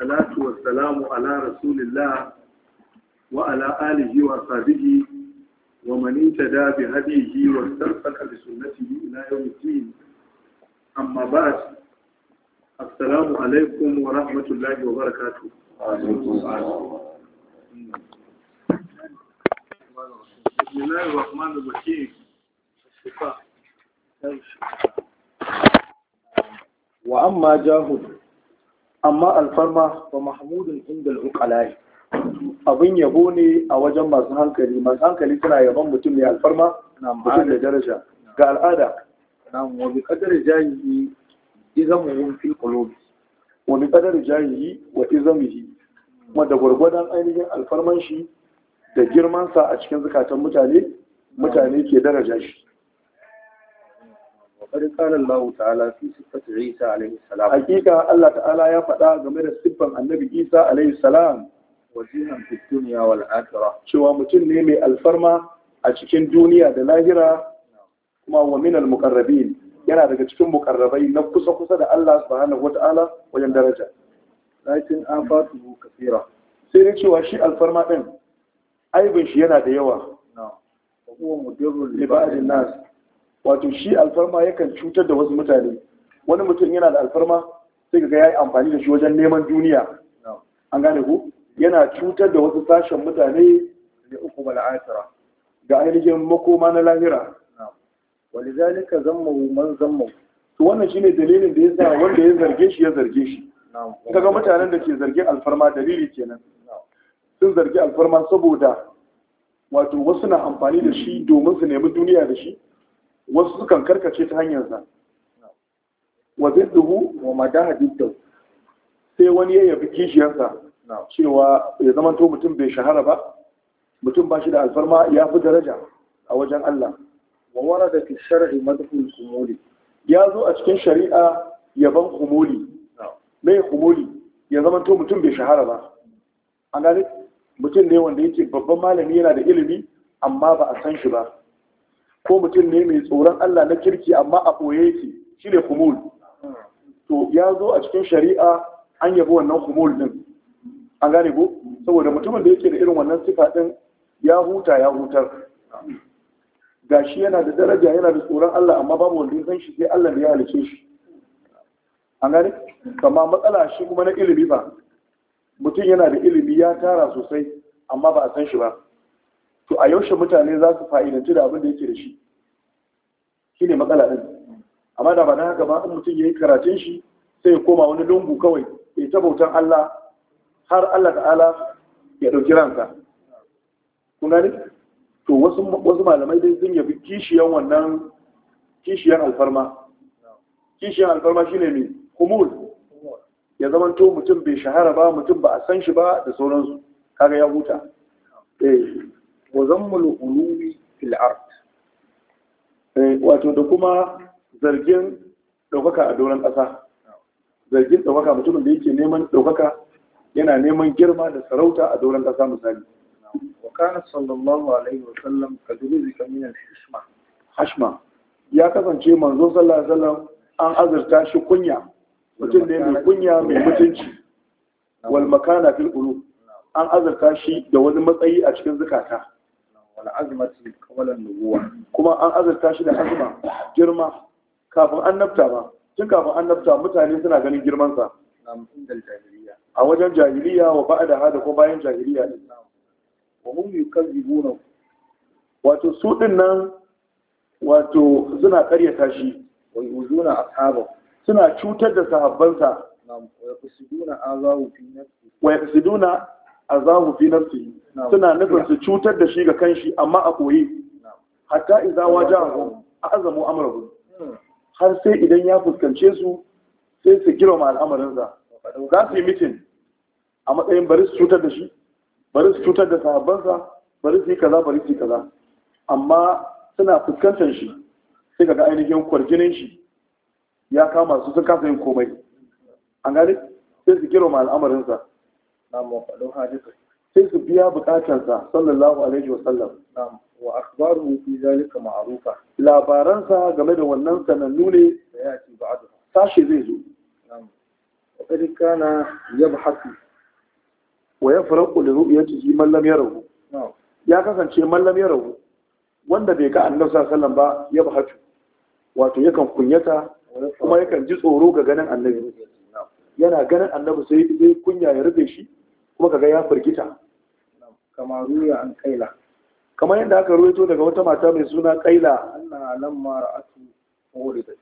salatu wa salamu ala rasulillah wa ala alihi wa sahbihi wa man intada bi hadihi wa istamsaka bi sunnatihi ila yawm al-din amma ba'd assalamu alaikum wa rahmatullahi wa barakatuh بسم الله الرحمن الرحيم الشفاء وأما جاهد amma alfarma ba mahmudun inda al'uqalai abin yabo ne a wajen masu hankali masu hankali suna yaban mutum mai alfarma mutum da daraja ga al'ada na wa bi qadari jahihi izamuhum fi qulubi wa bi qadari jahihi wa izamihi wadda gwargwadon ainihin alfarman shi da girmansa a cikin zukatan mutane mutane ke daraja shi faɗi kanan lawu ta ala fi siffatin isa alaihi salam hakika allah ta'ala ya faɗa game da siffan annabi isa alaihi salam wajihan fi duniya wal akira cewa mutum ne mai alfarma a cikin duniya da lahira kuma wa minal yana daga cikin muqarrabai na kusa kusa da allah subhanahu wata'ala wajen daraja lakin afatuhu kathira sai ne cewa shi alfarma ɗin. aibin shi yana da yawa na huwa mudirrul wato shi alfarma yakan cutar da wasu mutane wani mutum yana da alfarma sai ga ya yi amfani da shi wajen neman duniya an gane ku yana cutar da wasu sashen mutane da uku bala'atira ga ainihin makoma na lahira wani zalika zama man zama to wannan ne dalilin da ya sa wanda ya zarge shi ya zarge shi kaga mutanen da ke zarge alfarma dalili kenan sun zarge alfarma saboda wato wasu na amfani da shi domin su nemi duniya da shi wasu sukan karkace ta hanyarsa wa zidduhu wa madaha diddu sai wani ya yabi kishiyarsa cewa ya zama to mutum bai shahara ba mutum ba shi da alfarma ya fi daraja a wajen Allah wa warada fi shar'i madhul kumuli ya zo a cikin shari'a yaban kumuli mai kumuli ya zama to mutum bai shahara ba an gane mutum ne wanda yake babban malami yana da ilimi amma ba a san shi ba ko mutum ne mai tsoron Allah na kirki amma a ɓoye yake shi ne kumul to ya zo a cikin shari'a an yabi wannan kumul din an gane ko saboda mutumin da yake da irin wannan sifa din ya huta ya hutar gashi yana da daraja yana da tsoron Allah amma babu wanda ya san shi sai Allah da ya halice shi an gane amma matsala shi kuma na ilimi ba mutum yana da ilimi ya tara sosai amma ba a san shi ba to a yaushe mutane za su fa'idanci da abin da yake da shi shi ne matsala ɗin amma da ba na haka ba in mutum ya yi karatun shi sai ya koma wani lungu kawai ya ta bautan Allah har Allah ta'ala ya ɗauki ranka Kuna ne to wasu malamai dai sun yabi kishiyan wannan kishiyan alfarma kishiyan alfarma shi ne mai kumul ya zama to mutum bai shahara ba mutum ba a san shi ba da sauransu kaga ya huta eh. wa zammul uluwi fil ard eh, wato da kuma zargin ɗaukaka a doron ƙasa zargin ɗaukaka mutumin da yake neman ɗaukaka yana neman girma da sarauta a doron ƙasa misali wa sallallahu alaihi wa sallam kadruzi kamin hashma hashma ya kasance manzo sallallahu alaihi wa sallam an azurta shi kunya mutum ne mai kunya mai mutunci wal makana fil qulub an azurta shi da wani matsayi a cikin zukata wal'azmati kawalan nubuwa kuma an azurta shi da azuma girma kafin an nafta ba tun kafin an nafta mutane suna ganin girmansa a wajen jahiliya wa ba'a da hada ko bayan jahiliya din wa hum yukazzibuna wato su din nan wato suna karyata shi wa a ashabu suna cutar da sahabbansa wa yaqsiduna azahu fi nafsi wa yaqsiduna azahu fi nafsi suna nufin su cutar da shi ga kanshi amma a koyi hatta idza wajahu azamu amrahu hmm. har sai idan ya fuskance su sai su girma al'amarinsa za su yi mitin a matsayin bari su cutar da shi bari su cutar da sahabbansa bari su yi kaza bari su yi kaza amma suna fuskantar shi sai kaga ainihin kwarginin shi ya kama su sun kasa yin komai an gani sai su girma al'amarinsa sai su biya bukatarsa بيا alaihi wasallam wa akhbaruhu fi zalika ma'rufa labaransa game da wannan sanannu ne da ya sashi zai zo wa kad kana yabhasu wa yafraqu من لم يره نعم ya kasance man lam wanda bai ga annabi sallallahu alaihi wasallam ba yabhatu wato yakan kunyata kuma yakan ji tsoro ga ganin annabi yana ganin annabi sai kunya ya rufe shi kuma kaga ya firgita kamaru ya an kaila kamar yadda aka ruwaito daga wata mata mai suna kaila anna lamma ra'atu uridat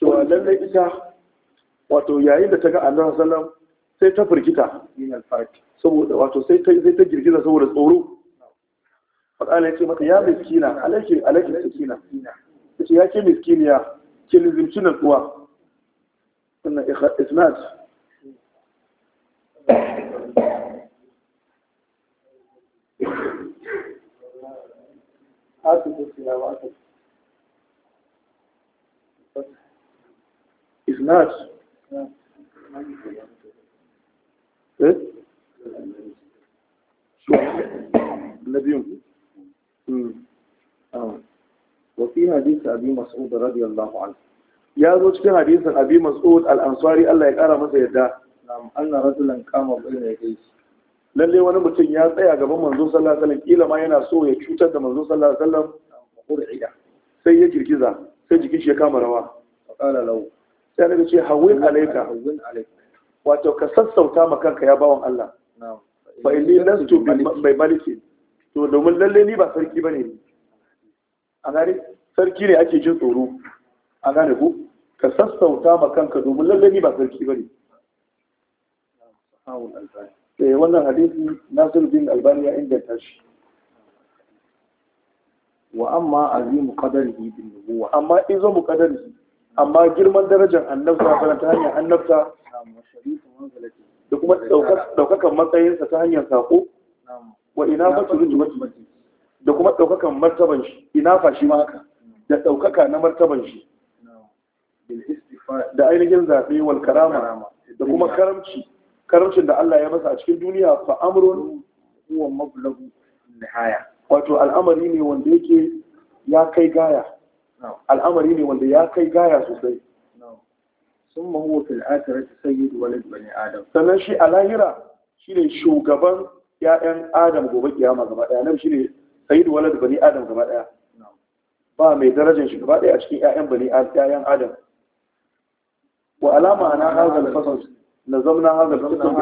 cewa lalle ita wato yayin da ta ga Allah sallam sai ta firgita saboda wato sai ta sai ta girgiza saboda tsoro faqala yace maka ya miskina alaki alaki miskina yace ya ce miskiniya ke lizimci tsuwa sannan isnad حافظ تلاوات إخلاص وفي حديث أبي مسعود رضي الله عنه يا زوج في حديث أبي مسعود الأنصاري الله يقرأ مسا أن رجلا كان بين يديه lalle wani mutum ya tsaya gaban manzo sallallahu alaihi wasallam kila ma yana so ya cutar da manzo sallallahu alaihi wasallam qur'iya sai ya girgiza sai jikin shi ya kama rawa qala lahu sai annabi ce hawwin alayka hawwin alayka wato ka sassauta ma kanka ya bawan Allah na'am fa inni lastu bi maliki to domin lalle ni ba sarki bane ni a gare sarki ne ake jin tsoro a gane ku ka sassauta ma kanka domin lalle ni ba sarki bane na'am sahawul eh wannan hadisi Nasir bin Albani ya inganta shi wa amma azimu qadarihi bin nubuwa amma izo mu qadarihi amma girman darajar annabta kana ta hanyar annabta da kuma matsayin sa ta hanyar sako wa ina fatu rujumati da kuma daukakan martaban shi ina fashi ma haka da daukaka na martaban shi da ainihin zaɓe wal karama da kuma karamci Karancin da Allah ya masa a cikin duniya fa amrun huwa mablagu nihaya wato al'amari ne wanda yake ya kai gaya al'amari ne wanda ya kai gaya sosai ثم هو fil akhirati sayyid ولد bani adam sannan shi a lahira shine shugaban ƴaƴan Adam gobe kiyama gaba ɗaya nan shine sayyid walad bani Adam gaba ɗaya ba mai darajar shi gaba ɗaya a cikin ƴaƴan bani Adam wa alama ana hazal fasal na zamna haza kisan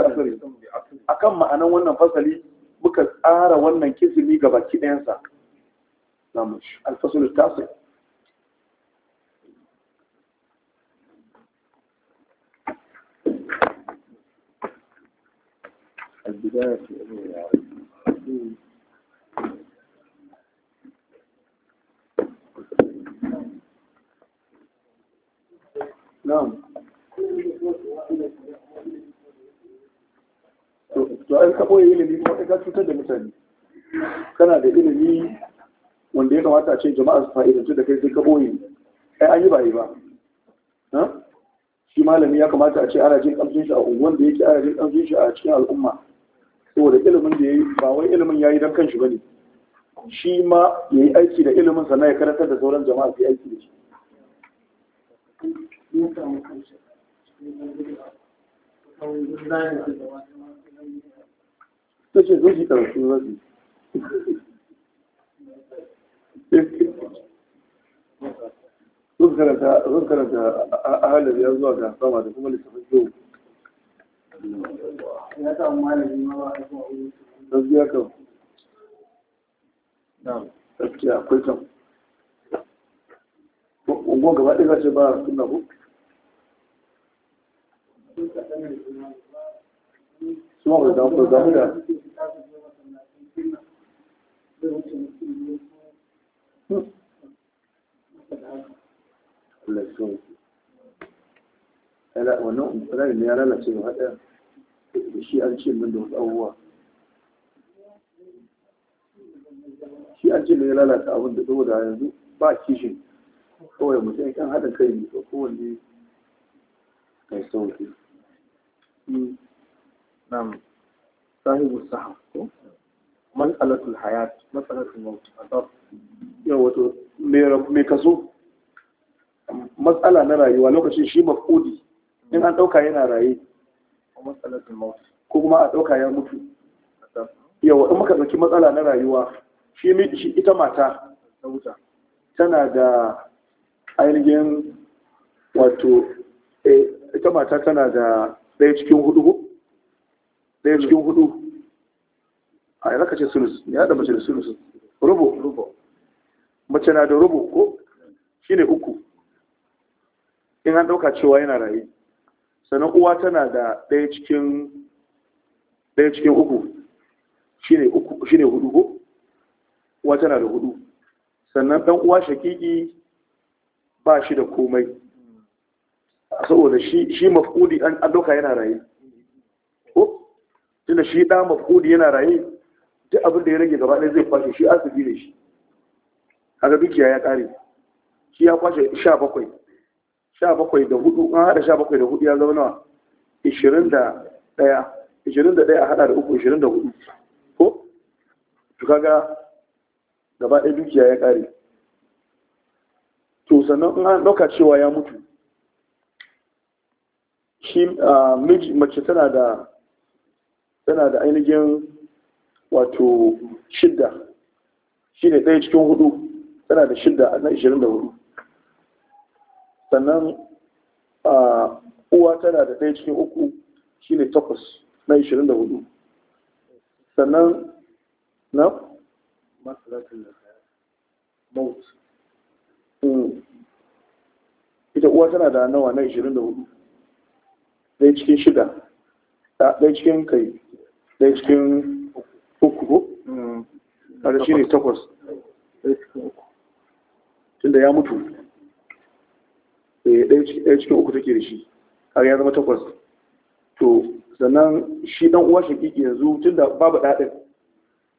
bi asari akan ma'anan wannan fasali muka tsara wannan kisimi ga baki ɗayansa namun alfasul نعم to an ka yi ilimi kuma ka cutar da mutane kana da ilimi wanda ya kamata a ce jama'a su fa'idantu da kai sai ka yi ai an yi ba yi ba ha? shi malami ya kamata a ce ana jin kamshin shi a unguwan da yake ana jin kamshin shi a cikin al'umma saboda ilimin da ya yi ba wai ilimin ya yi don kanshi ba ne shi ma ya yi aiki da ilimin sannan ya karantar da sauran jama'a su aiki da shi ta ce zo ki karatu zafi? su zan karanta a halin ahalar ya zuwa ga sama da kuma littafin yau ya samu malami ma ba a zuwa wuri gaskiya kan na'am gaskiya akwai kan unguwan gaba ɗaya ce ba suna ko small is ya Wannan ne ya lalace ba shi an da wasu abubuwa. Shi an ne ya lalata abin da yanzu ba kishin kawai mutum kan haɗa kai ne ko kowanne mai sauƙi. sahibu ko hayat maut adab wato me matsala na rayuwa lokacin shi mafudi in an dauka yana raye maut ko kuma a dauka ya mutu yau muka dauki matsala na rayuwa shi ita mata tana da ainihin wato ita mata tana da ɗaya cikin hudu ɗaya cikin hudu a zaka ce sulus ya da mace da sulus rubo rubo mace na da rubo ko Shi ne uku in an ɗauka cewa yana raye sannan uwa tana da ɗaya cikin ɗaya cikin uku shi ne hudu ko uwa tana da hudu sannan ɗan uwa shakiki ba shi da komai saboda shi shi mafudi an ɗauka yana raye ko tunda shi ɗa mafkudi yana raye duk abin da ya rage gaba ɗaya zai kwashe shi asibi ne shi kaga dukiya ya ƙare shi ya kwashe sha bakwai sha bakwai da hudu an haɗa sha bakwai da hudu ya zama nawa ishirin da ɗaya ishirin da ɗaya haɗa da uku ishirin da hudu ko to kaga gaba ɗaya dukiya ya ƙare to sannan in an ɗauka cewa ya mutu shi ah, mace tana da tana da ainihin wato shidda shi ne ɗaya cikin hudu tana da shidda na hudu, sannan a uwa tana da ɗaya cikin uku shi ne takwas na ishirin da hudu, sannan na hmm. ita uwa tana da nawa na ishirin da hudu, ɗaya cikin shida ɗaya cikin kai ɗaya cikin uku ko? a shi ne takwas tunda ya mutu eh, ɗaya cikin uku take da shi har ya zama takwas to sannan shi ɗan uwa shakiki yanzu tunda babu ɗaɗin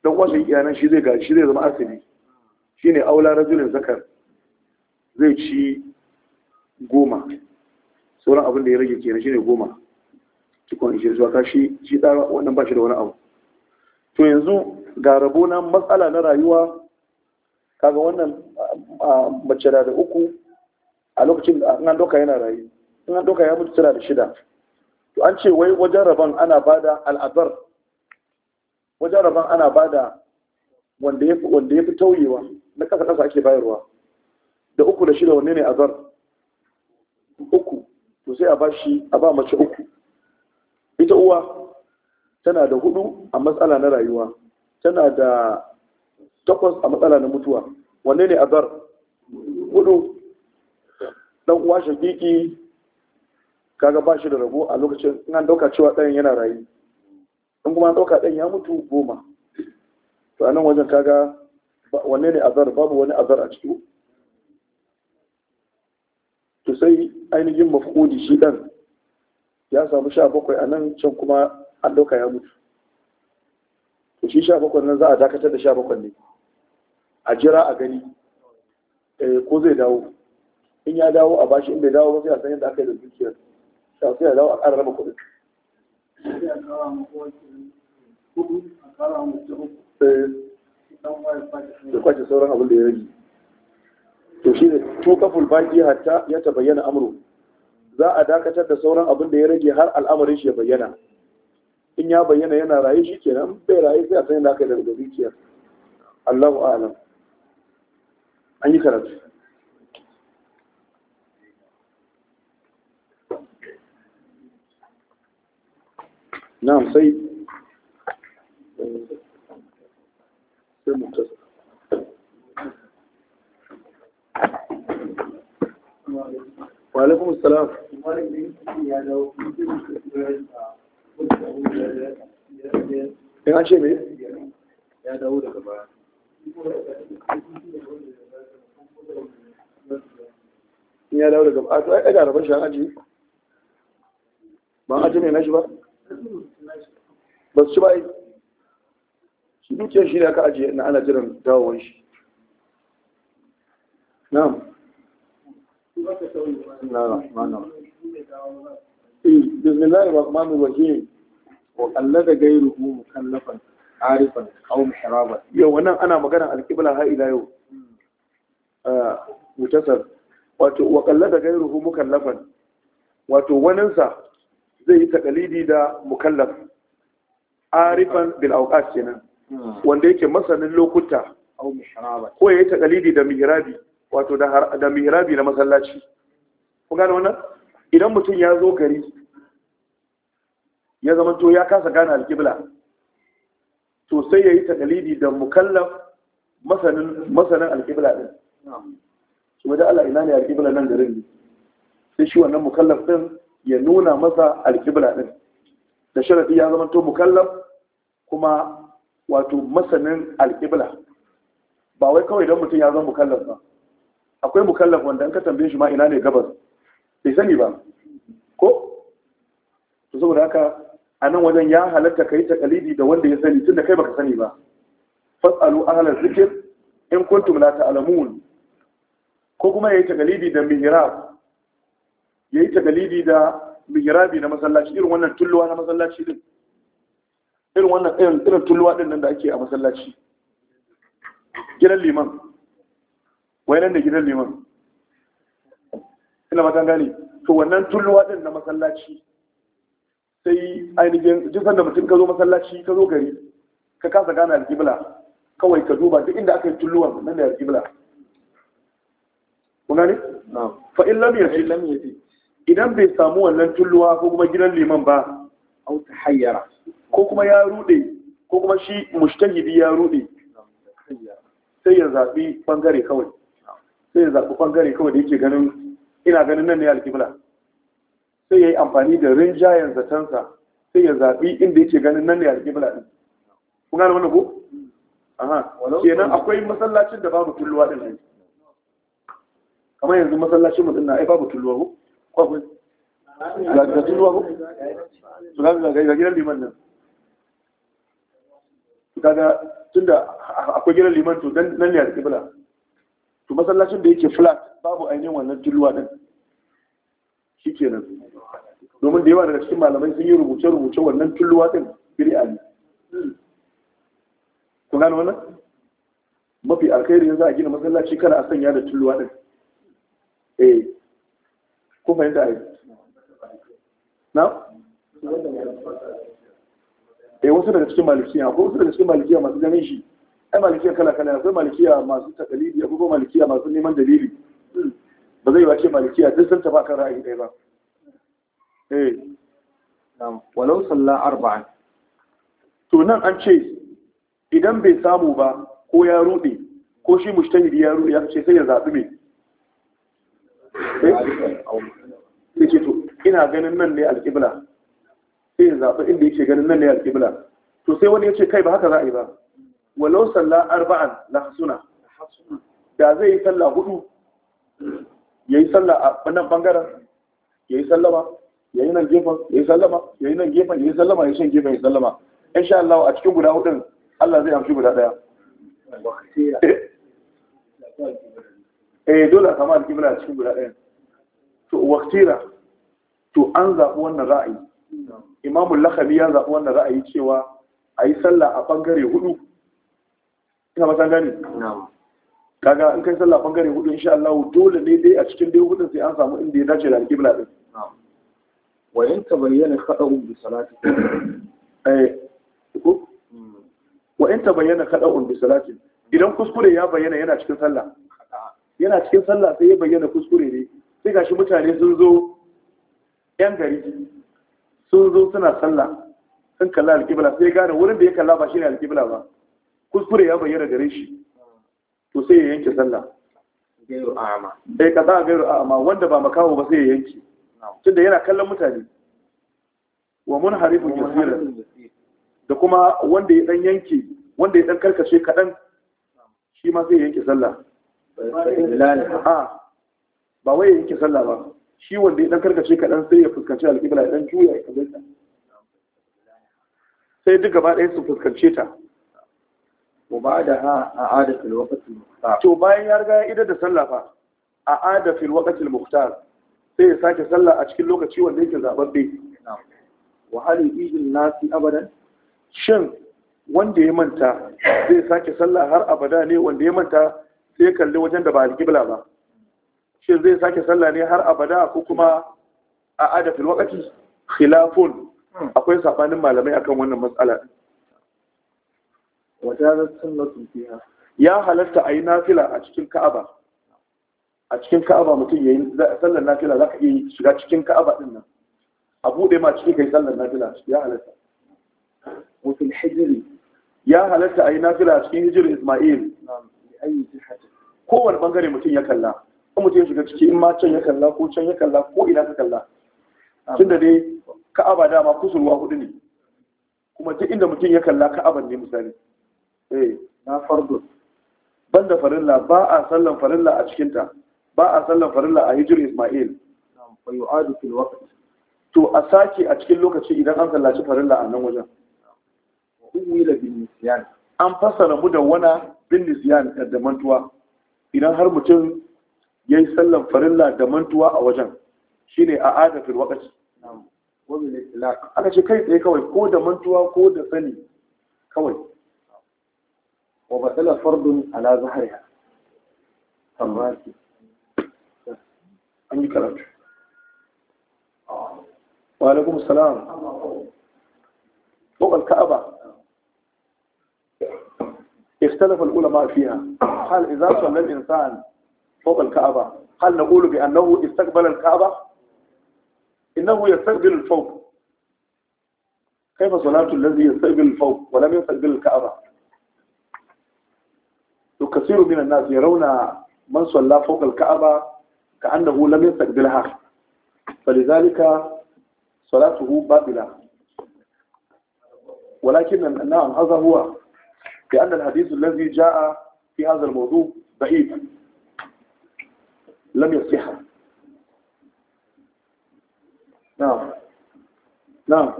ɗan uwa shakiki yanan shi zai gashi zai zama asali shi ne aula rajulin zakar zai ci goma sauran abin da ya rage kenan shi ne goma cikon ishe zuwa kashi shi ɗan wannan ba shi da wani abu to yanzu ga rabo na matsala na rayuwa kaga wannan mace da da uku a lokacin da an doka yana rayu in an doka ya mutu tana da shida to an ce wai wajen rabon ana bada al'adar wajen rabon ana bada wanda ya wanda ya fi tauyewa na kasa kasa ake bayarwa da uku da shida wanne ne azar uku to sai a ba shi a ba mace uku ita uwa tana da hudu a matsala na rayuwa tana da takwas a matsala na mutuwa wanne ne azar hudu dan uwa shakiki kaga ba shi da rabo a lokacin in an dauka cewa ɗayan yana rayu in kuma an dauka ɗayan ya mutu goma to anan wajen kaga wanne ne azar babu wani azar a ciki to sai ainihin mafkudi shi ɗan ya samu sha bakwai a nan can kuma an ɗauka ya mutu to shi sha bakwai nan za a dakatar da sha bakwai ne a jira a gani eh, ko zai dawo in ya dawo a bashi in bai dawo ba sai a san yadda aka yi da dukiyar sai ya dawo a ƙara raba kuɗin da eh, kwace sauran abin da ya rage to shi ne to kaful baki hatta ya tabayyana amuru za a dakatar da sauran abin da ya rage har al'amarin shi ya bayyana in ya bayyana yana rayu shi kenan bai rayu sai a sanya da aka yi daga zuciyar Allahu a'lam an yi karatu na'am sai sai Thank you. wa alaikum salam in an ce ya dawo daga baya in ya dawo daga baya to ai ga rabar shi an ba aji ne na shi ba ba su ba yi shi dukiyar shi ne aka ajiye na ana jiran dawowar shi بسم الله الرحمن الرحيم وقلد غيره مكلفا عارفا او محرابا يو wannan ana magana alqibla ha ila yau mutasar wato wa qallada ghayruhu mukallafan wato waninsa zai yi takalidi da mukallaf arifan bil awqat kenan wanda yake masanin lokuta Au ko ya yi takalidi da mihrabi wato da mihrabi na masallaci kun gane wannan idan mutum ya zo gari ya zama to ya kasa gane alƙibla to sai ya yi takalidi da mukallaf masanin alƙibla ɗin su wajen Allah ina ne alƙibla nan garin ne sai shi wannan mukallaf ɗin ya nuna masa alƙibla ɗin da sharafi ya zama to mukallaf kuma wato masanin alƙibla ba wai kawai don mutum ya zama mukallaf ba akwai mukallaf wanda an ka tambaye shi ma ina ne gabas bai sani ba ko to saboda haka a nan wajen ya halatta ka yi takalidi da wanda ya sani tun da kai baka sani ba fasalu ahlal zikir in kuntum la ta'lamun ko kuma yayi takalidi da mihrab yayi takalidi da mihrabi na masallaci irin wannan tulluwa na masallaci din irin wannan irin tulluwa din nan da ake a masallaci gidan liman wayanan da gidan liman ina matan gani to wannan tulluwa din na masallaci sai ainihin duk sanda mutum ka zo masallaci ka zo gari ka kasa gane alkibla kawai ka duba duk inda aka yi tulluwa, nan da alkibla kuna ne fa in lam yaji idan bai samu wannan tulluwa ko kuma gidan liman ba au tahayyara ko kuma ya rude ko kuma shi mushtahidi ya rude sai ya zabi bangare kawai sai ya zaɓi ɓangare kawai da yake ganin ina ganin nan ne alƙibla sai ya yi amfani da rinjayen zatansa sai ya zaɓi inda yake ganin nan ne alƙibla ɗin kun gane wannan ko aha kenan akwai masallacin da babu tulluwa ɗin ne kamar yanzu masallacin mutum na ai babu tulluwa ko kwakwai ga tulluwa ko su ga gidan liman nan kaga tunda akwai gidan liman to nan ne alƙibla to masallacin da yake flat babu ainihin wannan tilwa din shi kenan domin da yawa daga cikin malamai sun yi rubuce-rubuce wannan tulluwa din biri ne kun gano wannan mafi alkhairi yanzu a gina masallaci kada a sanya da tulluwa din eh ku fahimta ai na eh wasu daga cikin malikiya ko wasu daga cikin malikiya masu ganin shi ai malikiya kala kala akwai malikiya masu takalidi akwai malikiya masu neman dalili ba zai wace malikiya duk sun tafi kan ra'ayi ɗaya ba eh walau sallah arba'an to nan an ce idan bai samu ba ko ya rude ko shi mujtahidi ya rude ya ce sai ya zabi me eh ce to ina ganin nan ne alƙibla sai ya zabi inda yake ganin nan ne alƙibla to sai wani ya ce kai ba haka za a yi ba walau salla arba'an la hasuna da zai yi sallah hudu yayi sallah a wannan bangaren yayi sallama yayi nan gefen yayi sallama yayi nan gefen yayi sallama yayi shan gefen yayi sallama insha Allah a cikin guda hudun Allah zai amshi guda daya eh dole a samu alkibla a cikin guda daya to waktira to an zaɓi wannan ra'ayi imamul lakhabi ya zaɓi wannan ra'ayi cewa a yi sallah a ɓangare hudu ina ba gane kaga in kai sallah bangare hudu insha Allah dole ne dai a cikin dai hudun sai an samu inda ya dace da alƙibla din wa in tabayyana khada'un bi salati eh wa in tabayyana khada'un bi salati idan kuskure ya bayyana yana cikin sallah yana cikin sallah sai ya bayyana kuskure ne sai gashi mutane sun zo yan gari sun zo suna sallah sun kalla alƙibla sai gane wurin da ya kalla ba ne alƙibla ba kuskure ya bayyana gare shi to sai ya yanke sallah gairu a'ama za eh, a gairu a'ama wanda ba makawo ba sai ya yanke da yana kallon mutane wa munharifun yasira da kuma wanda ya dan yanke wanda ya dan karkace kadan shi ma sai ya yanke sallah ba wai ya yanke sallah ba shi wanda ya dan karkace kadan sai ya fuskanci alƙibla ya dan juya ya kalle sai duk gaba ɗaya su fuskance ta وبعدها أعاد في الوقت المختار تو باين يرجع إذا تسلى فا أعاد في الوقت المختار sai ya sake sallah a cikin lokaci wanda yake zababbe wahali idin nasi abadan shin wanda ya manta zai sake sallah har abada ne wanda ya manta sai ya kalli wajen da ba alƙibla ba shin zai sake sallah ne har abada ko kuma a adafin wakati khilafun hmm. akwai sabanin malamai akan wannan matsala wajarat sunnatun fiha ya halatta yi nafila a cikin ka'aba a cikin ka'aba mutum yayin sallar nafila za ka iya shiga cikin ka'aba din nan a bude ma cikin kai sallar nafila ya halatta Mutum hijiri ya halatta yi nafila a cikin hijirin Isma'il kowane bangare mutum ya kalla ko mutum ya shiga ciki in ma can ya kalla ko can ya kalla ko ina ka kalla tunda dai ka'aba dama kusurwa hudu ne kuma duk inda mutum ya kalla ka'aban ne misali Eh. na fardun ban da farilla ba a sallan farilla a cikinta ba a sallan farilla a hijir ismail to a sake a cikin lokaci idan an sallaci farilla a nan wajen an fassara mu da wana bin nisyan da mantuwa idan har mutum ya yi sallan farilla da mantuwa a wajen shine a adafin wakaci aka ce kai tsaye kawai ko da mantuwa ko da sani kawai وبطل فرض على ظهرها فماتي عندي كلام آه. وعليكم السلام فوق الكعبة اختلف العلماء فيها هل إذا صلى الإنسان فوق الكعبة هل نقول بأنه استقبل الكعبة إنه يستقبل الفوق كيف صلاة الذي يستقبل الفوق ولم يستقبل الكعبة وكثير من الناس يرون من صلى فوق الكعبة كأنه لم يستقبلها فلذلك صلاته باطلة ولكن نعم هذا هو لأن الحديث الذي جاء في هذا الموضوع بعيد لم يصح نعم نعم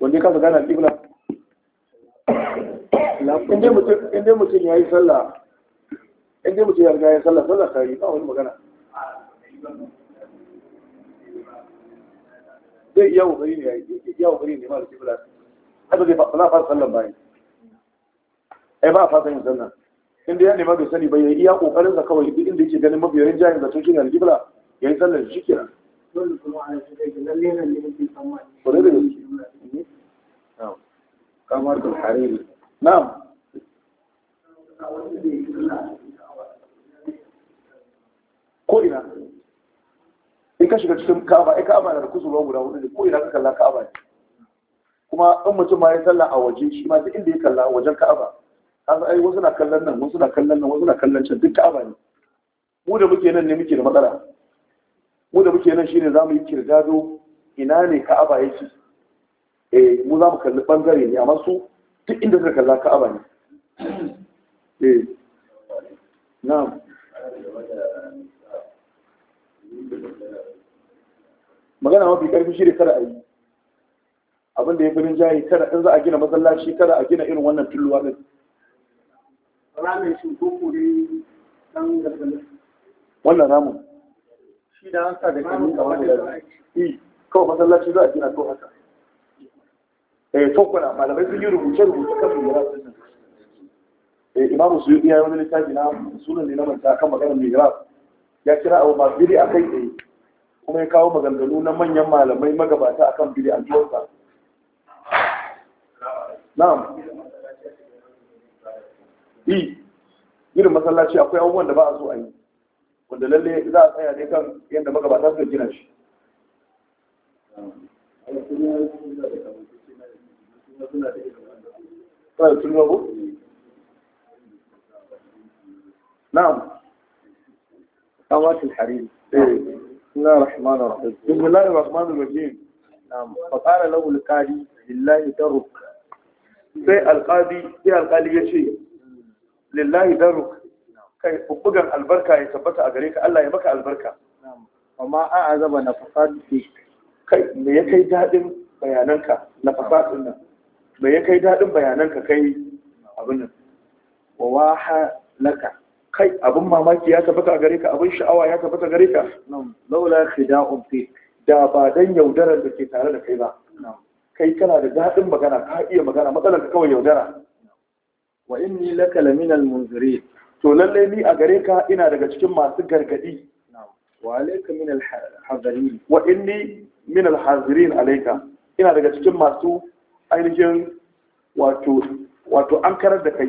wanda ka kasa gane alƙibla inda mutum ya yi sallah inda mutum ya riga ya sallah sallah ta yi ba wani magana zai iya wuri ne ya yi iya wuri ne ma da kibla haka zai fara fara sallan bayan ai ba a fasa yin sannan inda ya nema bai sani bai ya iya ƙoƙarin sa kawai duk inda yake ganin mafiyarin jayin zaton shi ne alƙibla ya yi sallar shi kenan kamar da hariri ko ina shiga cikin ka'aba ai ka'aba da kusurwa guda ne ko ina ka kalla ka'aba ne kuma in mutum ma ya salla a waje shi ma duk inda ya kalla wajen ka'aba kaga ai wasu na kallon nan wasu na kallon nan wasu na kallon can duk ka'aba ne mu da muke nan ne muke da matsala mu da muke nan shine zamu yi kirgado ina ne ka'aba yake eh mu za mu kalli bangare ne amma su duk inda suka kalla ka'aba ne eh na'am magana mafi karfi shi da kada a yi abin da ya fi rinjaye kada in za a gina masallaci kada a gina irin wannan tulluwa din ramin shi ko kuri dan gargaɗi wannan ramin shi da da kamar da e, kawai masallaci za a gina ko haka eh malamai sun yi rubuce rubuce kan eh, na sunan ya kira kawo maganganu na manyan malamai magabata kan biri a na'am yi e, irin masallaci akwai abubuwan da ba a so a yi wanda lalle za a tsaya ne kan yadda magabata suka gina shi نعم أمات الحريم بسم الله الرحمن الرحيم بسم الله الرحمن الرحيم نعم فقال له القاضي لله درك sai sai alƙali ya ce lillahi kai bubbugan albarka ya tabbata a gare ka Allah ya maka albarka amma a azaba na fasad kai me ya kai dadin bayananka na fasadin nan me ya kai dadin bayananka kai abin nan wa waha laka kai abin mamaki ya tabbata a gare ka abin sha'awa ya tabbata gare ka laula khida'un fi da ba dan yaudarar da ke tare da kai ba kai kana da dadin magana ka iya magana matsalar ka kawai yaudara wa inni laka laminal munzirin to lallai ni a gare ka ina daga cikin masu gargadi wa alayka min al-hazirin wa inni min al-hazirin alayka ina daga cikin masu ainihin wato wato ankarar da kai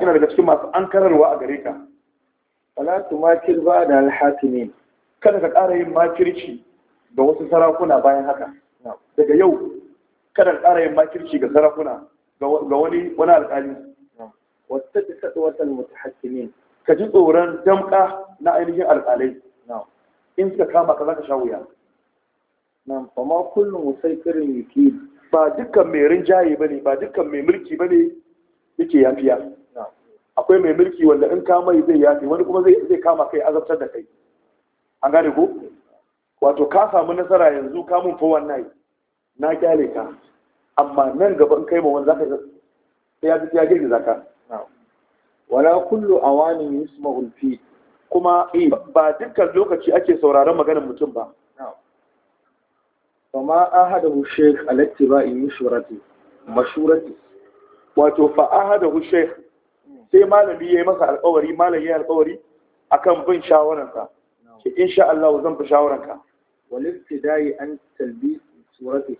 ina daga cikin masu ankararwa a gare ka wala tumakil ba da al kada ka ƙara yin makirci ga wasu sarakuna bayan haka daga yau kada ka ƙara yin makirci ga sarakuna ga wani wani alƙali wata ta kaɗa watan mutahassimin ka ji tsoron damƙa na ainihin alƙalai in suka kama ka za ka sha wuya nan fa ma kullum wasai kirin yake ba dukkan mai rinjaye ba ne ba dukkan mai mulki ba ne yake yafiya akwai mai mulki wanda in kama zai yafi wani kuma zai kama kai azabtar da kai an gane ko wato ka samu nasara yanzu ka mun fa na kyale ka amma nan gaban kai ma wanda zaka ya ya girgiza ka wala kullu awanin yusma'ul fi kuma ba dukkan lokaci ake sauraron maganar mutum ba fama ahadahu shaykh al-ittiba'i mashurati mashurati wato fa ahadahu shaykh sai malami yayi masa alƙawari malami yayi alƙawari akan bin shawararka ce insha Allah zan bi shawararka wal ibtida'i an talbi surati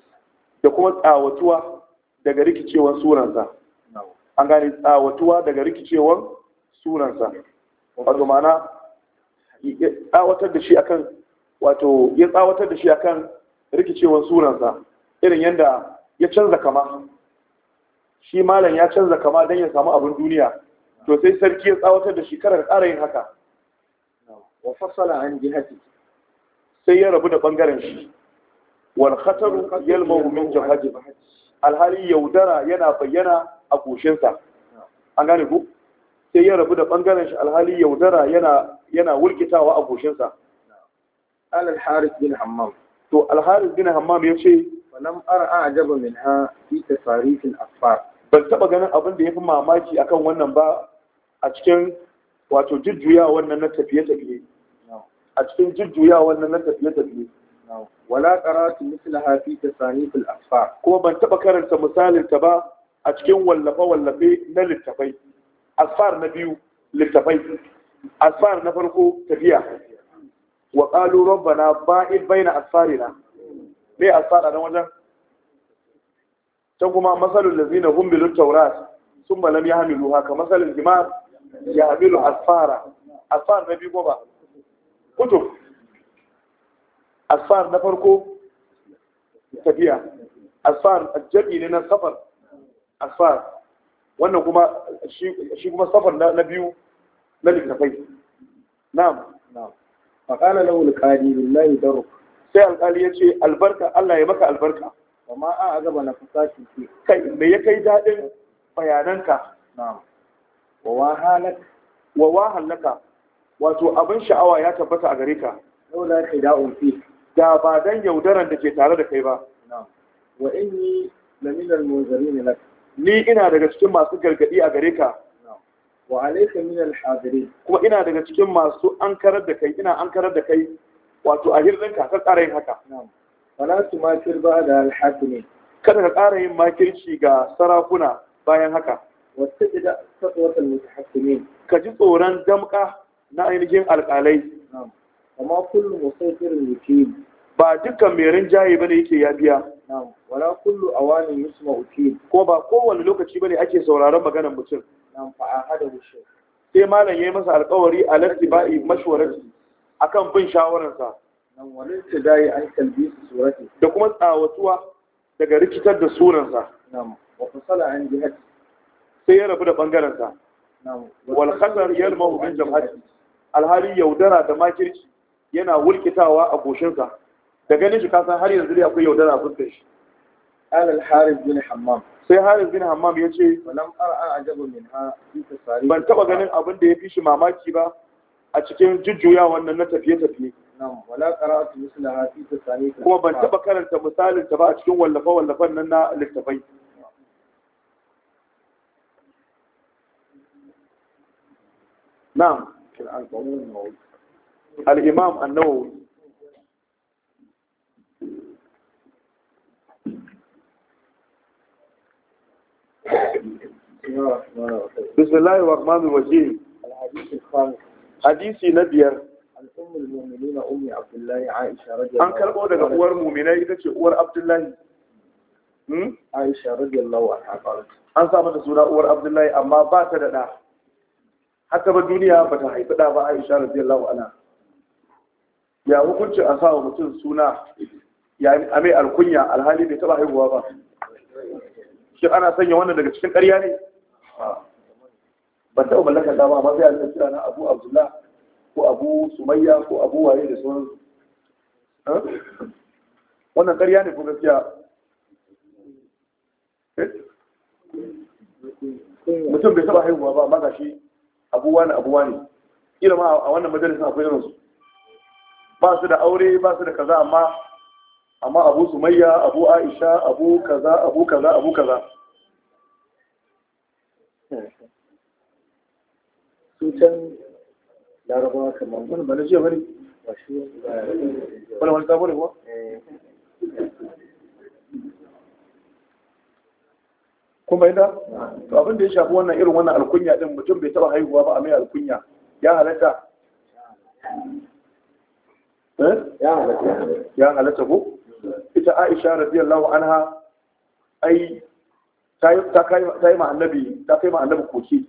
da kuma tsawatuwa daga rikicewar sa an gane tsawatuwa daga rikicewar sunansa wato ma'ana ya tsawatar da shi akan wato ya tsawatar da shi akan rikicewar sunansa irin yadda ya canza kama shi malam ya canza kama don ya samu abin duniya to sai sarki ya tsawatar da shi ka ƙara yin haka wa fassala an ji jihati sai ya rabu da bangaren shi wal khataru yalmahu min jihati alhali yaudara yana bayyana a goshinsa an gane ku sai ya rabu da ɓangaren shi alhali yaudara yana wulkitawa a goshinsa al-haris bin hammam to alharis haris bin hammam ya ce walam ara ajaba min ha fi tasarifin asfar ban taba ganin abin da fi mamaki akan wannan ba a cikin wato jujjuya wannan na tafiye tafiye a cikin jujjuya wannan na tafiye tafiye wala qara'atu mithlaha fi tasanif al-asfar kuma ban taba karanta misalin ta ba a cikin wallafe-wallafe na littafai asfar na biyu littafai asfar na farko tafiya wa ƙalu rabbana ba'id baina asfarina me asfar a nan wajen can kuma da zina lazina hum sun balam ya hamilu haka ka masalil ya hamilu asfara asfar na biyu ba kutu asfar na farko tafiya asfar ajjabi ne na safar asfar wannan kuma shi kuma safar na biyu na littafai na'am na'am faqala lahu alqadi billahi daruk sai alqali yace albarka Allah ya maka albarka amma a azaba na fasashi ce kai me ya kai dadin bayananka na'am wa wahalak wa wahalaka wato abin sha'awa ya tabbata a gare ka laula da fi da ba dan yaudaran da ke tare da kai ba na'am wa inni lamina almunzirin lak ni ina daga cikin masu gargadi a gare ka wa alayka min al kuma ina daga cikin masu ankarar da kai ina ankarar da kai wato a hirdin ka kar ƙara yin haka wala tumatir ba da al kada ka ƙara yin makirci ga sarakuna bayan haka wata gida tsatsuwatar mutahakkimin ka ji tsoron damka na ainihin alƙalai amma kullum musaifirin mutum ba dukkan mai rinjaye bane yake yafiya wala kullu awani yusma'u fi ko ba kowane lokaci bane ake sauraron maganar mutum nan fa ahada shi sai malam yayi masa alƙawari a lattibai mashwarati akan bin shawararsa nan walin tidai an kalbi surati da kuma tsawatuwa daga rikitar da sa nan wa fasala an jihad sai ya rabu da bangaren sa nan wal khazar yalmahu min jamhati alhali yaudara da makirci yana wulkitawa a sa da ganin shi kasan har yanzu dai akwai yaudara a fuskar shi قال الحارث بن حمام sai Haris bin Hammam ya ce walam ara ajabu minha fi ban taba ganin abin da ya fi shi mamaki ba a cikin jujjuya wannan na tafiye tafiye na'am wala qara'tu mislaha fi tasari kuma ban taba karanta misalin ta ba a cikin wallafa wallafan nan na littafai na'am al-imam an بسم الله الرحمن الرحيم الحديث الخامس حديثي نبير الأم المؤمنين أم عبد الله عائشة رضي الله عنها أنكر أودك أور an sa mata suna uwar Abdullahi amma ba ta da da ba duniya bata haifi da ba Aisha radiyallahu anha ya hukunci a sa wa mutum suna ya amai alkunya alhali bai taba haihuwa ba shi ana sanya wannan daga cikin ƙarya ne ban taɓa mallakar dama ba. sai a zai kira na abu abdullah ko abu sumayya ko abu waye da sauran wannan ƙarya ne ko gaskiya mutum bai taɓa haihuwa ba amma ga shi abuwa ne abuwa ne ilama a wannan majalisar akwai irinsu ba su da aure ba su da kaza amma amma abu sumayya abu aisha abu kaza abu kaza abu kaza sutan larabawa kamar wani ba bane wani wani eh. to abin da ya shafi wannan irin wannan alkunya din mutum bai taba haihuwa ba a mai alkunya ya halatta ya halatta eh? ko ita aisha radiyallahu anha ai ta kai ma annabi ta kai ma annabi koki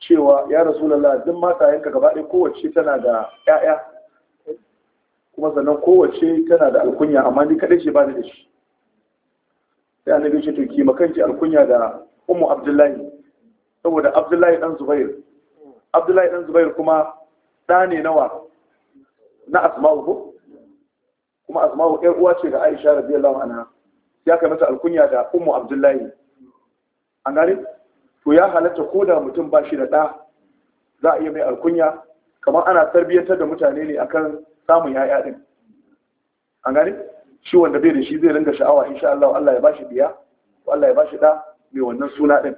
cewa ya rasulullah mata yanka gaba ɗaya kowace tana da ƴaƴa kuma sannan kowace tana da alkunya amma ni kaɗai ce ba da shi sai annabi ce to ki makanki alkunya da ummu abdullahi saboda abdullahi dan zubair abdullahi dan zubair kuma ɗa ne nawa na asma'u ko kuma asma'u ɗan uwa ce ga aisha radiyallahu anha ya kai mata alkunya da ummu abdullahi an gane to ya halatta ko da mutum ba shi da ɗa za a iya mai alkunya kamar ana tarbiyyantar da mutane ne akan samun ya'ya din an gane shi wanda bai da shi zai ringa sha'awa insha Allah Allah ya ba shi biya ko Allah ya ba shi da mai wannan suna din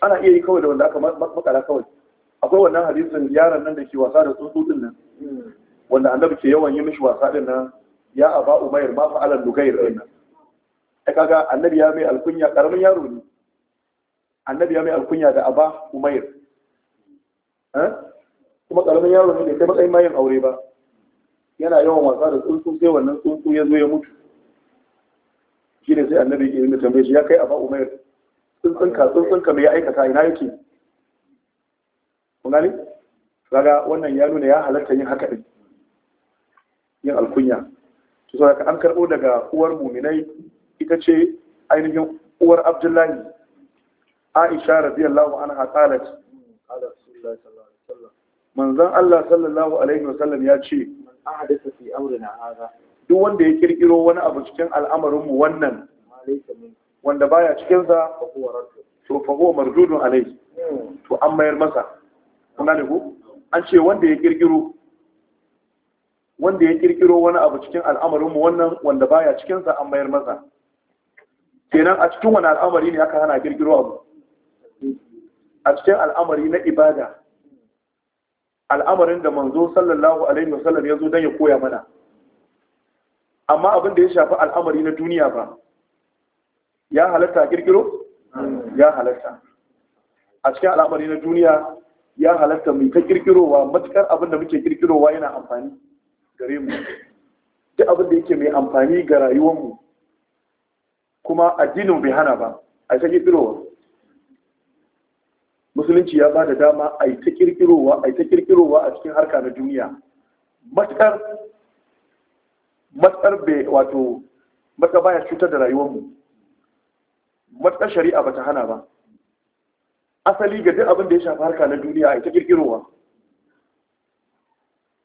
ana iya yi kawai da wanda aka makala kawai akwai wannan hadisin yaran nan da ke wasa da tsuntsu din nan wanda annabi ke yawan yi mishi wasa din nan ya aba umair ma fa'ala lugair din nan ta kaga annabi ya mai alkunya karamin yaro ne annabi ya mai alkunya da aba umayr eh? kuma karamin yaro ne da kai matsayin mayin aure ba yana yawan wasa da tsuntsu sai wannan tsuntsu ya zo ya mutu shi ne sai annabi ke yi tambaye shi ya kai aba umair tsuntsun ka tsuntsun ka me ya aikata ina yake kun gane wannan ya nuna ya halatta yin haka din yin alkunya to ka an karbo daga uwar muminai ita ce ainihin uwar Abdullahi Aisha radiyallahu anha qalat qala Rasulullahi sallallahu alaihi wasallam manzon Allah sallallahu alaihi wasallam ya ce ahadatha fi amrina hadha duk wanda ya kirkiro wani abu cikin al'amarin mu wannan wanda baya cikin sa to fa huwa mardudun alaihi hmm. to an mayar masa ku an ce wanda ya kirkiro wanda ya kirkiro wani abu cikin al'amarinmu wannan wanda baya cikinsa an mayar masa kenan a cikin wani al'amari ne aka hana kirkiro abu a cikin al'amari na ibada al'amarin da manzo sallallahu alaihi wasallam ya zo don ya koya mana amma abin da ya shafi al'amari na duniya ba ya halatta kirkiro ya halatta a cikin al'amari na duniya ya halatta mai ta kirkirowa matukar abin da muke kirkirowa yana amfani gare mu duk abin da yake mai amfani ga rayuwarmu kuma addinin bai hana ba a ta kirkirowa musulunci ya ba da dama a ta kirkirowa a ta kirkirowa a cikin harka na duniya matukar matukar bai wato matukar baya cutar da rayuwarmu Matukar shari'a bata hana ba asali ga duk abin da ya shafi harka na duniya ita kirkirowa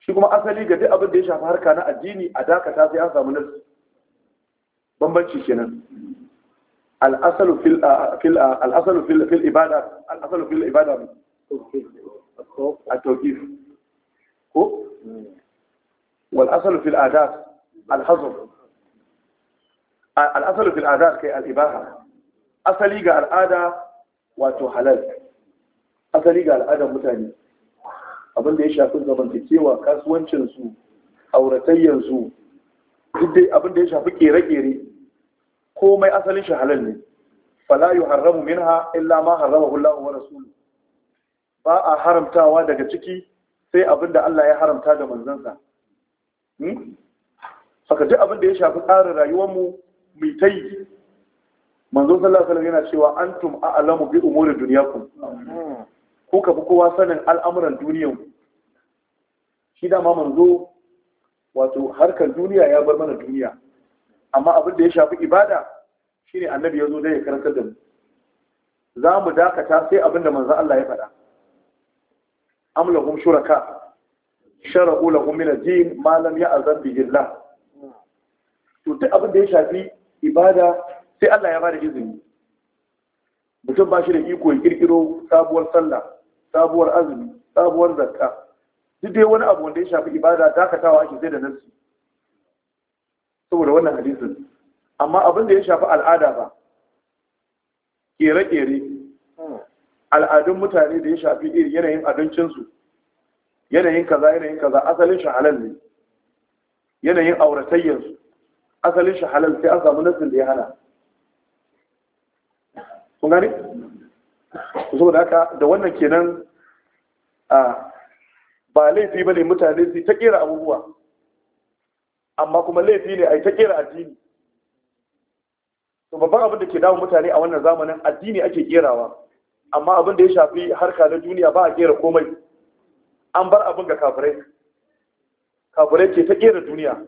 shi kuma asali ga duk abin da ya shafi harka na addini a dakata sai an samu nasu bambanci kenan al'asalu fil fil al'asalu fil fil ibada al'asalu fil ibada at-tawqif ko wal asalu fil adat al al'asalu fil adat kai al asali ga al'ada wato halal asali ga al'adar mutane abin da ya shafi zamantakewa kasuwancinsu auratayyarsu duk dai abin da ya shafi kere-kere komai asalin shi halal ne fala min ha illa ma harama Allah wa rasuluhu ba a haramtawa daga ciki sai abin da Allah ya haramta da manzansa haka hmm? duk abin da ya shafi tsarin rayuwarmu mai ta yi manzon sallallahu alaihi yana cewa antum a'lamu bi umuri dunyakum ko ka fi kowa sanin al'amuran duniyan shi dama manzo wato harkar duniya ya bar mana duniya amma abin da ya shafi ibada shine annabi ya zo dai ya karantar da mu za mu dakata sai abin da manzo Allah ya faɗa am shuraka shara'u lahum min ad-din ma lam ya'zan bihi Allah to duk abin da ya shafi ibada sai Allah ya bada izini mutum ba shi da iko ya kirkiro sabuwar sallah sabuwar azumi sabuwar zakka duk dai wani abu wanda ya shafi ibada dakatawa ake zai da nasu saboda wannan hadisin amma abin da ya shafi al'ada ba kere-kere al'adun mutane da ya shafi iri yanayin abincinsu yanayin kaza yanayin kaza asalin shi halal ne yanayin auratayyarsu asalin shi halal sai an samu nasin da ya hana kun gani saboda haka da wannan kenan a ba laifi ba ne mutane su ta kera abubuwa amma kuma laifi ne a ta kera addini to babban abin da ke damun mutane a wannan zamanin addini ake kerawa amma abin da ya shafi harka na duniya ba a kera komai an bar abin ga kafirai kafirai ke ta kera duniya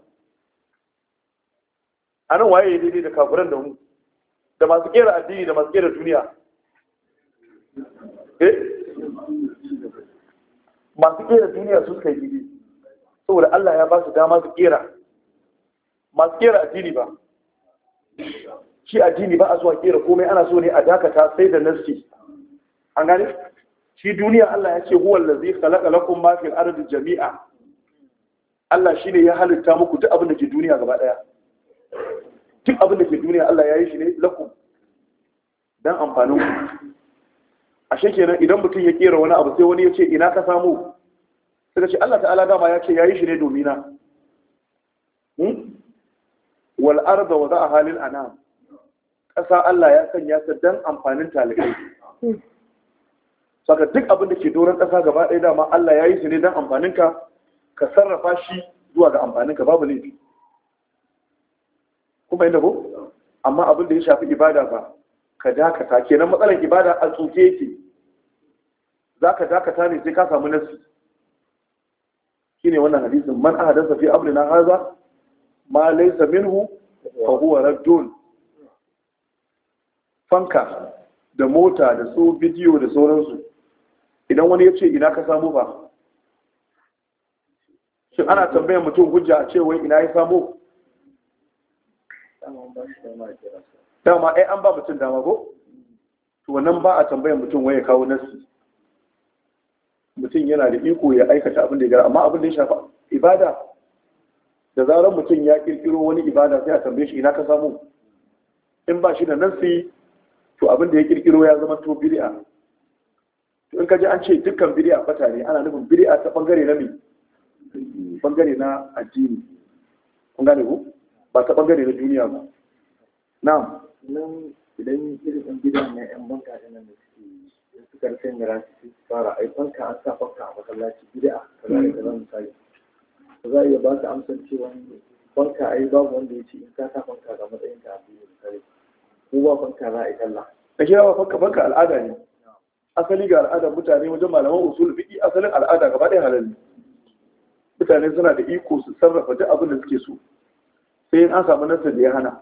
a nan waye daidai da kafiran da mu da masu kera addini da masu kera duniya Eh? masu kera duniya sun kai gidi saboda Allah ya ba su dama su kera masu kera addini ba shi addini ba a zuwa kera komai ana so ne a dakata sai da nasi an gani shi duniya Allah ya ce huwa allazi khalaqa lakum ma fil ardi jami'a Allah shi ne ya halitta muku duk abin da ke duniya gaba daya duk abin da ke duniya Allah ya yi shi ne lakum dan amfanin ku ashe kenan idan mutum ya kera wani abu sai wani ya ce ina ka samu suka ce Allah ta'ala dama ya ce ya yi shi ne domina hmm? wal arda wa za'a halin ana ƙasa Allah ya sanya ta dan amfanin talibai saka duk abin da ke doron ƙasa gaba ɗaya dama Allah ya yi shi ne dan amfanin ka ka sarrafa shi zuwa ga amfanin ka babu laifi kuma inda ko amma abin da ya shafi ibada ba ka dakata kenan matsalar ibada a tsoke yake za ka dakata ne sai ka samu nasi ne wannan hadisin man dasa fi na haza ma laisa minhu fa huwa raddun fanka da mota da su bidiyo da sauransu idan wani ya ce ina ka samu ba shin ana tambayar mutum hujja a ce wai ina ya samu dama ai an ba mutum dama ko to wannan ba a tambayar mutum waye kawo nasi mutum yana da iko ya aikata abin da ya gara amma abin da ya shafa ibada da zarar mutum ya kirkiro wani ibada sai a tambaye shi ina ka samu in ba shi da nasi to abin da ya kirkiro ya zama to bid'a to in ka ji an ce dukkan bid'a fata ne ana nufin bid'a ta bangare na me bangare na addini kun gane ku ba ta bangare na duniya ba na'am nan idan irin ɗan gida na yan banka ɗin nan da suke su karfe da rasu su fara ai banka an sa banka a masallaci gida kaza da kaza hmm. misali ba za a iya ba su amsar cewa banka ai babu wanda ya ce in ka sa banka ga matsayin ka a biyu misali ko ba banka za a yi talla. a kira ba banka banka al'ada ne asali ga al'ada mutane wajen malaman usul fiƙi asalin al'ada gaba ɗaya halal ne mutane suna da iko su sarrafa duk abin da suke so sai in an samu nasar da ya hana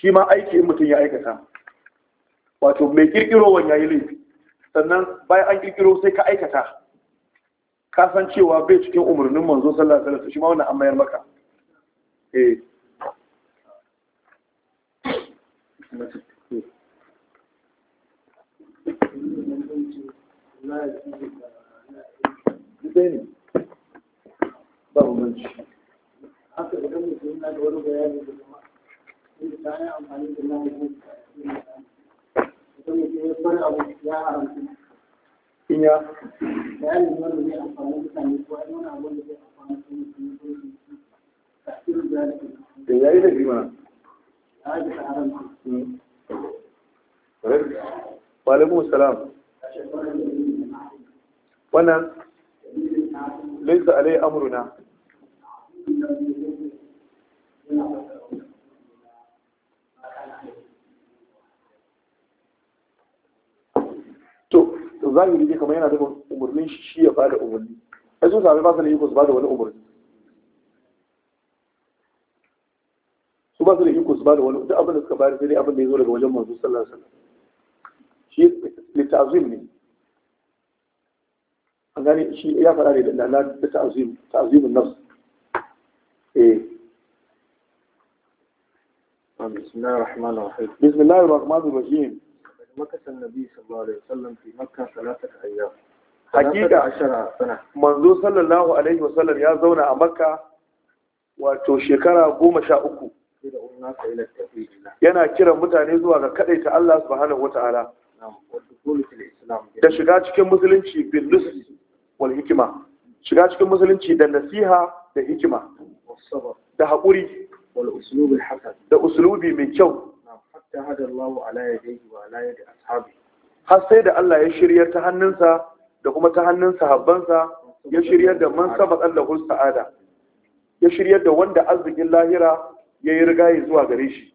shi ma aiki in mutum ya aikata wato mai kirkiro ya yi laifi sannan bayan an kirkiro sai ka aikata ka san cewa bai cikin umarnin manzo sallallahu alaihi wasallam shi ma wannan an mayar maka eh ba haka mutum da wani bayani ya da ya yi da jima hmm. walaikun salam wannan laisa alai amuruna to zahiri dai kamar yana da umurni shi ya bada umurni ai sun zabe ba sai da zaba da wani umurni su ba sai da zaba da wani duk abin da suka bayar sai dai abin da yazo daga wajen manzo sallallahu alaihi wasallam shi litazim ne an gane shi ya faɗa ne da na da ta'zim ta'zimun nafs eh بسم الله الرحمن الرحيم بسم الله الرحمن الرحيم مكث النبي صلى الله عليه وسلم في مكة ثلاثة أيام حقيقة عشر سنة منذ صلى الله yana kiran mutane zuwa ga kadaita Allah subhanahu wataala da shiga cikin musulunci bil wal hikima shiga cikin musulunci da nasiha da hikima da haƙuri da usulubi mai kyau hatta hada Allah ala yadayhi wa ala yadi ashabi har sai da Allah ya shirya ta hannunsa da kuma ta hannun sahabbansa ya shirya da man saba sa'ada ya shirya da wanda arzikin lahira ya yi rigaye zuwa gare shi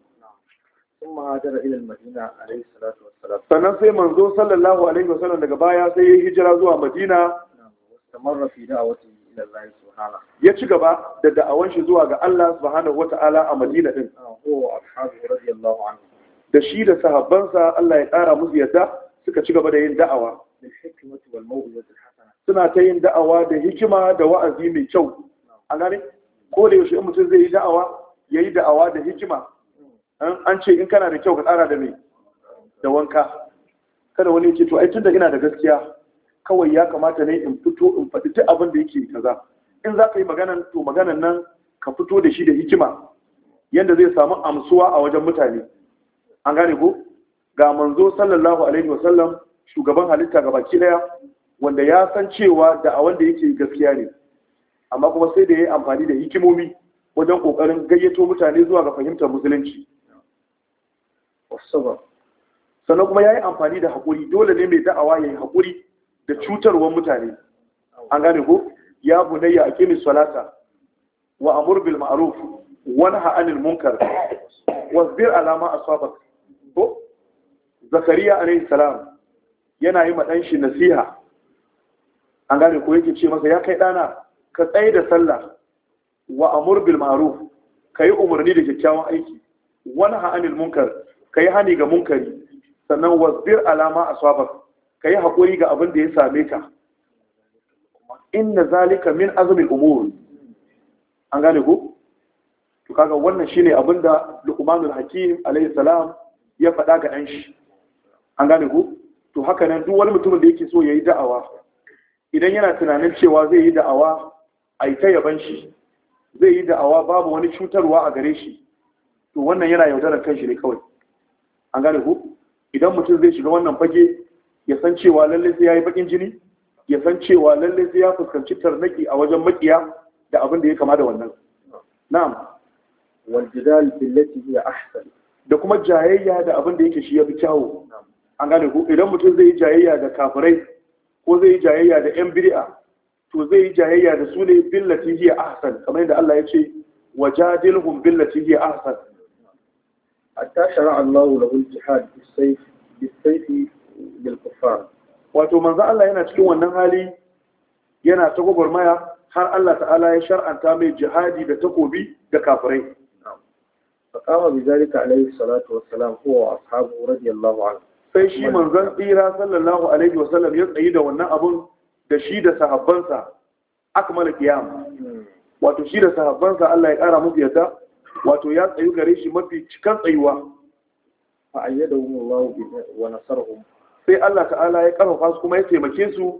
sannan sai manzo sallallahu alaihi wasallam daga baya sai ya hijira zuwa madina ya ci gaba da da'awan shi zuwa ga Allah subhanahu wata'ala a madina din da shi da sahabbansa Allah ya ƙara musu yadda suka ci gaba da yin da'awa suna ta yin da'awa da hikima da wa'azi mai kyau a gane ko da yaushe in mutum zai yi da'awa ya yi da'awa da hikima an ce in kana da kyau ka tsara da mai da wanka kada wani ce to ai tunda ina da gaskiya kawai ya kamata ne in fito in faɗi duk abin da yake kaza in za ka yi maganan to maganan nan ka fito da shi da hikima yanda zai samu amsuwa a wajen mutane an gane ko ga manzo sallallahu alaihi wasallam shugaban halitta ga baki daya wanda ya san cewa da a wanda yake gaskiya ne amma kuma sai da ya yi amfani da hikimomi wajen kokarin gayyato mutane zuwa ga fahimtar musulunci sannan kuma ya yi amfani da haƙuri dole ne mai da'awa ya yi haƙuri da cutarwar mutane an gane ko ya bunayya a kemis salata wa amur bil ma'ruf wani ha'anil munkar wasbir alama a asabak ko zakariya a salam yana yi maɗanshi nasiha an gane ko yake ce masa ya kai ɗana. ka tsaye da sallah wa amur bil ka yi umarni da kyakkyawan aiki wani ha'anil munkar ka yi hani ga munkari sannan wasbir alama a Ka yi hakuri ga abin da ya same ka inna zalika min azumin umur an gane ko to kaga wannan shine da lukumanul hakim alaihi salam ya faɗa ga ɗanshi. shi an gane ku to haka nan duk wani mutumin da yake so ya yi da'awa idan yana tunanin cewa zai yi da'awa a yi ta yaban shi zai yi da'awa babu wani cutarwa a gare shi to wannan yana yaudarar kanshi ne kawai an gane ku idan mutum zai shiga wannan fage ya san cewa lalle sai ya yi bakin jini ya san cewa lalle sai ya fuskanci tarnaki a wajen maƙiya da abin da ya kama da wannan na'am wal jidal billati hiya ahsan da kuma jayayya da abin da yake shi ya fi kyawu an gane ku idan mutum zai yi jayayya da kafirai ko zai yi jayayya da yan biri'a, to zai yi jayayya da su ne billati hiya ahsan kamar yadda Allah ya ce wajadilhum billati hiya ahsan hatta shara Allah lahu al-jihad bis-sayf bis-sayf bil-kuffar wato manzo Allah yana cikin wannan hali yana ta gwagwarmaya har Allah ta'ala ya shar'anta mai jihadi da takobi da kafirai فقام بذلك عليه الصلاة والسلام هو وأصحابه رضي الله sai shi manzon tsira sallallahu alaihi wasallam ya tsayi da wannan abun da shi da sahabbansa akmala qiyam wato shi da sahabbansa Allah ya kara musu yadda wato ya tsayu gare shi mafi cikan tsayuwa sai Allah ta'ala ya karfafa su kuma ya taimake su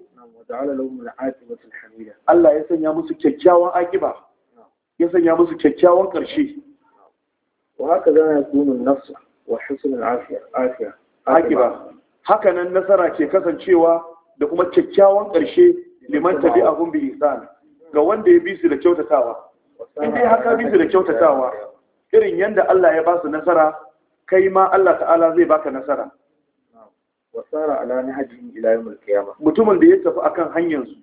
Allah ya sanya musu kyakkyawan akiba ya sanya musu kyakkyawan karshe وهكذا يكون النصر وحسن العافية عافية عاقبة هكذا النصر كي كسن شيوا da kuma kyakkyawan ƙarshe liman tabi abun bi ihsan ga wanda ya bi su da kyautatawa in dai haka bi su da kyautatawa irin yanda Allah ya ba nasara kai ma Allah ta'ala zai baka nasara wasara ala nahjin ila yawmil qiyamah mutumin da ya tafi akan hanyar su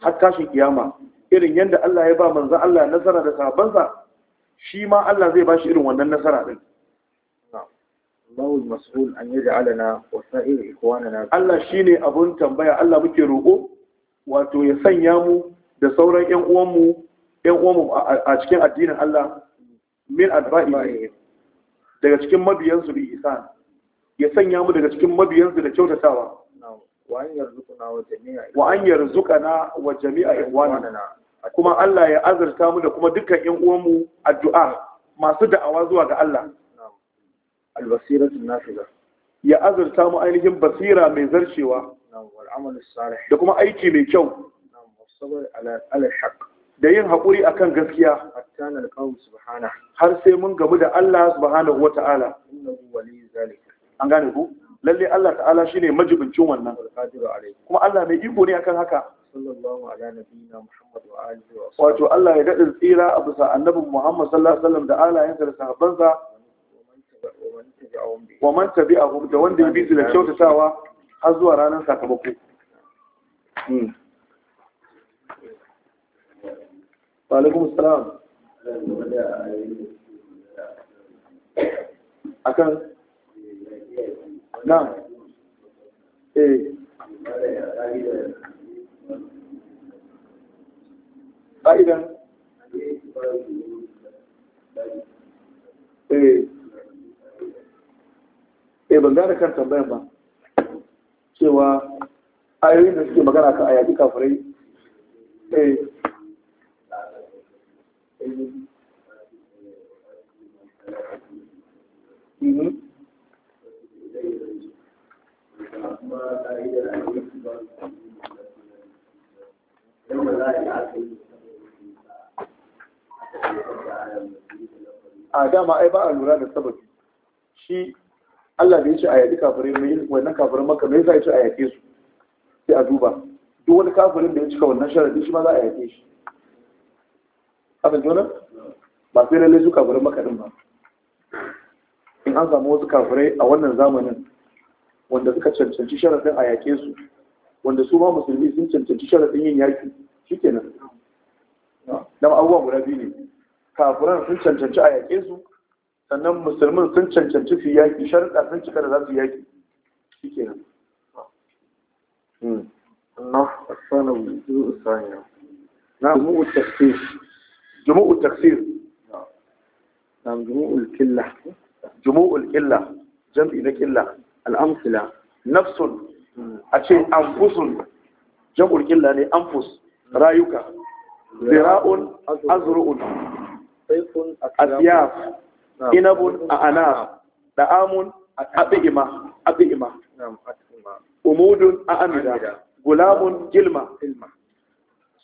har tashin kiyama irin yadda Allah ya ba manzon Allah nasara da sabonsa. shi ma Allah zai bashi irin wannan nasara din Allah shi ne Allah shine abun tambaya Allah muke roƙo wato ya sanya mu da sauran ƴan mu ƴan a cikin addinin Allah min adba'i daga cikin mabiyansu bi isa ya sanya mu daga cikin mabiyansu da kyautatawa wa an yarzuqana wa jami'a wa jami'a ihwanana kuma Allah ya azurta mu da kuma dukkan ƴan uwanmu addu'a masu da'awa zuwa ga Allah al ya azurta mu ainihin basira mai zarcewa da kuma aiki mai kyau da yin haƙuri akan gaskiya har sai mun gamu da Allah subhanahu wa ta'ala an gane ku lalle Allah ta'ala shine majibincin wannan kuma Allah mai iko ne akan haka wato Allah ya daɗin tsira a bisa annabin Muhammad sallallahu alaihi wasallam da alayensa da sahabbansa wa man abu da wanda ya bi su da kyautatawa har zuwa ranar sakamako hmm. wa alaikum A kan? na eh ƙa'idan eh. eh ban gane kan tambayan ba cewa ayoyin da suke magana kan ayaki kafirai eh mm-hmm. Yau da za a yi a dama ai ba a lura da sababi shi Allah da ya ce a yaƙi kafirai mai wannan kafirin maka mai zai ce a yaƙe su sai a duba duk wani kafirin da ya cika wannan sharadi shi ma za a yaƙe shi abin jona ba sai lalle su kafirin maka din ba in an samu wasu kafirai a wannan zamanin wanda suka cancanci sharadin a su wanda su ma musulmi sun cancanci sharadin yin yaƙi shikenan dama abubuwa guda biyu ne kafiran sun cancanci a yaƙe su sannan musulmin sun cancanci su yaƙi sharuɗa sun cika da za su yaƙi shi ke nan na na jumu'u taksir jumu'u taksir na jumu'u jumu'u jam'i na al'amsila nafsun hmm. a ce anfusun jam'ul killa ne anfus hmm. rayuka zira'un azru'un asiyaf inabun a anaf da'amun abi'ima abi'ima umudun a amida gulamun gilma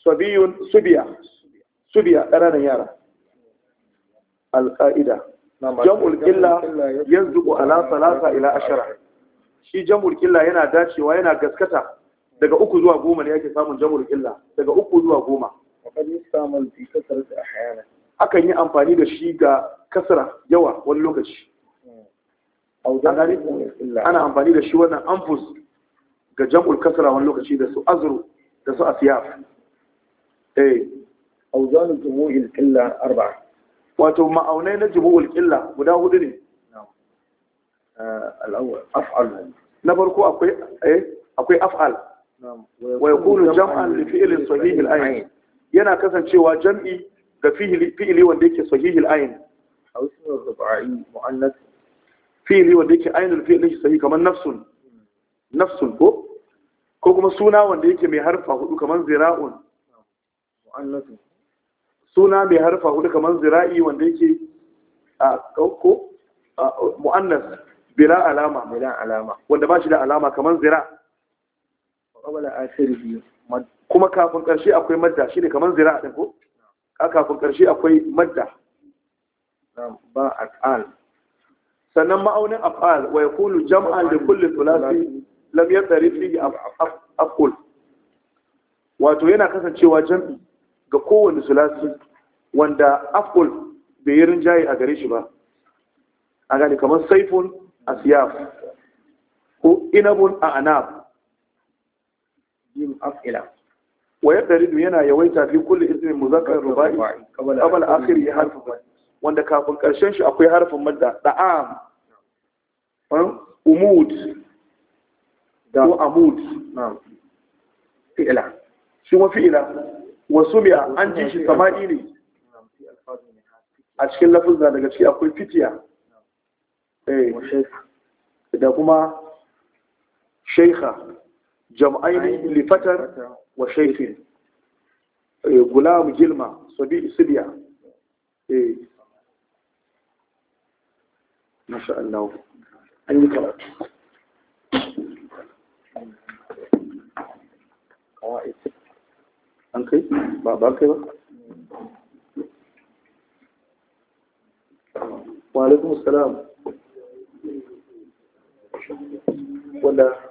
sabiyun subiya subiya ƙananan yara alƙa'ida jam'ul ƙilla yanzu ala salasa ila ashara shi jam'ul ƙilla yana dacewa yana gaskata daga uku zuwa goma ne yake samun jam'ul ƙilla daga uku zuwa goma وقد يستعمل في كثرة أحيانا akan yi amfani da shi ga kasara yawa wani lokaci ana amfani da shi wannan anfus ga jam'ul kasra wani lokaci da su azru da su asiyaf eh awzan jumu'il illa arba'a wato ma'aunai na jumu'ul illa guda hudu ne eh, af'al na farko akwai eh akwai af'al wa yakunu jam'an li fi'lin sahih al-ayn yana kasancewa jam'i ga fi'ili wanda yake sahihil ayin A wasu aw ismu rub'i muannas fi'ili wanda yake fi'ili shi sahi kamar nafsun nafsun ko ko kuma suna wanda yake mai harfa hudu kamar zira'un muannas suna mai harfa hudu kamar zira'i wanda yake a kauko muannas bila alama bila alama wanda ba shi da alama kamar zira kuma kafin karshe akwai madda shi ne kamar zira ɗin ko a kafin ƙarshe akwai madda ba ƙal sannan ma'aunin af'al wa Kulu, jam'an li kulli thulathi lam yatarif fihi af'al wato yana kasancewa jam'i ga kowane tulasi wanda af'al bai yi rinjaye a gare shi ba a gani kamar saifun siyaf ko inabun a anab yin af'ila wa yadaridu yana yawaita fi kulli ismin muzakkar rubai qabla akhiri harfin mad wanda kafin karshen shi akwai harfin madda da'am umud da amud fi'la shi wa fi'la wa an ji sama'i ne a cikin lafuzza daga ciki akwai fitiya eh. da kuma shaikha جمعين لفتر وشيخ إيه، غلام جلما صبي سبيا إيه. ما شاء الله اني قرات انكي ما وعليكم السلام ولا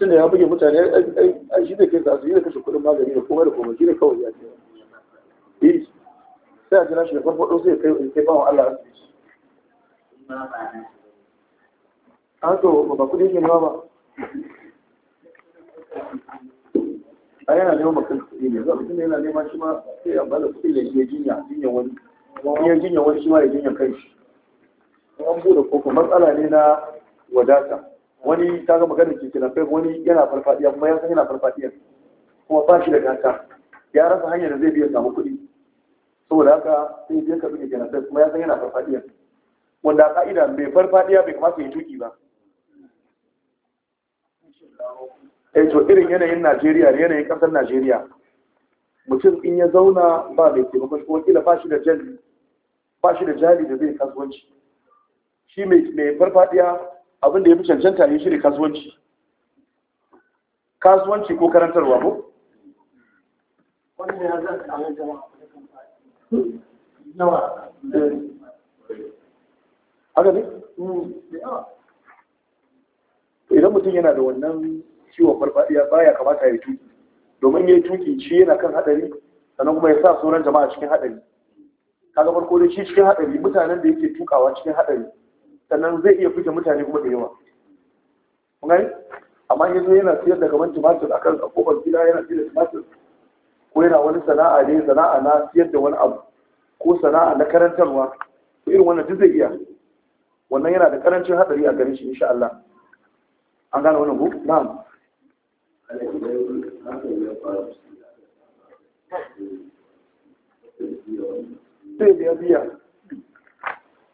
tunda ya buge mutane ai shi zai kai su yi da kashe kuɗin magani da komai da komai shi ne kawai ya ce eh, sai a jira shi da farfaɗo sai kai kai bawa Allah shi? an to ba kuɗi ke nema ba a yana neman makan kuɗi ne za mutum yana neman shi ma sai ya bada kuɗi da ya jinya jinya wani ya jinya wani shi ma ya jinya kai shi an buɗe kofa matsala ne na wadata wani ta ga maganar ke kilafai wani yana farfadiya kuma ya san yana farfadiya kuma ba shi da gata ya rasa hanyar da zai biya samu kuɗi saboda haka sai ya karɓi ke kilafai kuma ya san yana farfadiya wanda a ka'ida mai farfadiya bai kamata ya tuki ba eh to irin yanayin Najeriya da yanayin ƙasar Najeriya mutum in ya zauna ba mai taimako ko kila ba shi da jali ba shi da jali da zai kasuwanci shi mai farfadiya abinda ya fi cancanta ya shirya kasuwanci kasuwanci ko karantarwa ko? wannan ya hmm, idan mutum yana da wannan ciwon farfadiya baya kamata ya tuki domin ya tuki shi yana kan hadari sannan kuma ya sa sauran jama'a cikin hadari kaga farko dai shi cikin hadari mutanen da yake tukawa cikin hadari sannan zai iya fice mutane kuma da yawa kungai amma ya zo yana siyar da kamar tumatir akan kofar gida yana siyar da tumatir ko yana wani sana'a ne sana'a na siyar da wani abu ko sana'a na karantarwa ko irin wannan duk zai iya wannan yana da karancin hadari a garin shi insha Allah an gane wannan ko na'am sai biya biya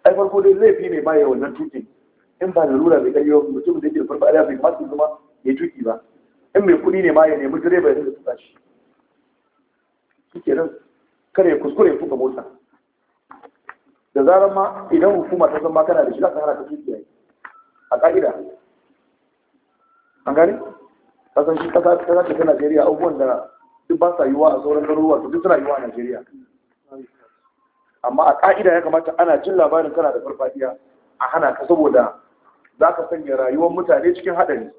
ai farko dai zai ne ba ya wannan tukin in ba lura bai kai yawan mutum da yake da farko bai masu zuma zama ya tuki ba in mai kuɗi ne ma ya nemi direba ya zai tuka shi ke nan kare kuskure ya tuka mota da zarar ma idan hukuma ta zama kana da shi za ka hana ka tuki yayi a ka'ida an gane kasan shi kasa ta ta Najeriya abubuwan da duk ba sa yiwa a sauran garuruwa to duk suna yiwa a Najeriya amma a ƙa'ida ya kamata ana jin labarin kana da farfadiya a hana ka saboda za ka sanya rayuwar mutane cikin haɗari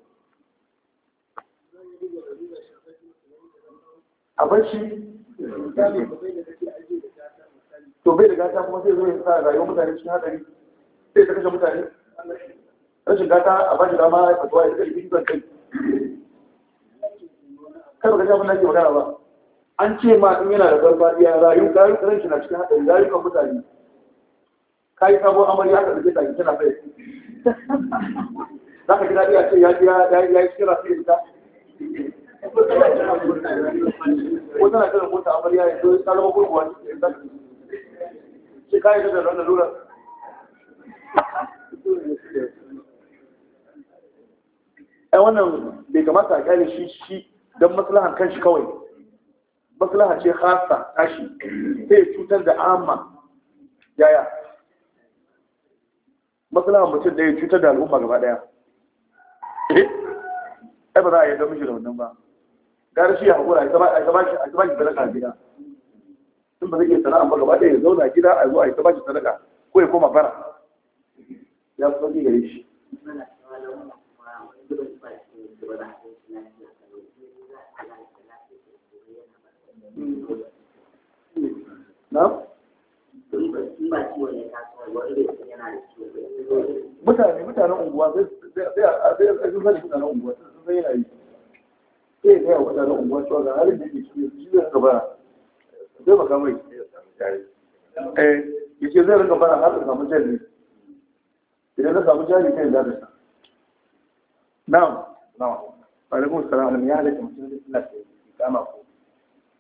bashi to bai da gata kuma sai zai sa rayuwar mutane cikin haɗari sai ta kashe mutane rashin gata a bashi dama ya fatuwa ya kashe zan kai kar ka kashe nake ke magana ba an ce ma in yana da farfadiya rayu rayu ran shi na cikin hadari rayu kan mutane Ka yi sabon amarya ka rike taki tana bai za ka ji daɗi a ce ya ya ya yi kira sai ita ko tana kira mota amarya ya zo ta zama gurguwa shi kayan da ranar lura ai wannan bai kamata a kyale shi shi don maslahan kanshi kawai maslaha ce khasa tashi sai cutar da amma yaya maslaha mutum da ya cutar da al'umma gaba daya eh ai ba za a yi da miji da wannan ba gara shi ya hakura a gaba shi a gaba shi sadaka gida sun ba zai iya sana'a ba gaba daya ya zauna gida a zo a yi gaba shi sadaka ko ya koma bara ya fi sauki shi mutane mutanen unguwa zai a zai mutanen unguwa sun zai yi sai mutanen unguwa cewa ga halin da yake cikin shi zai gaba zai baka mai eh zai rinka fara har samu jari idan ka samu jari kai za ka na'am na'am alaikum salam ya alaikum salam kama ko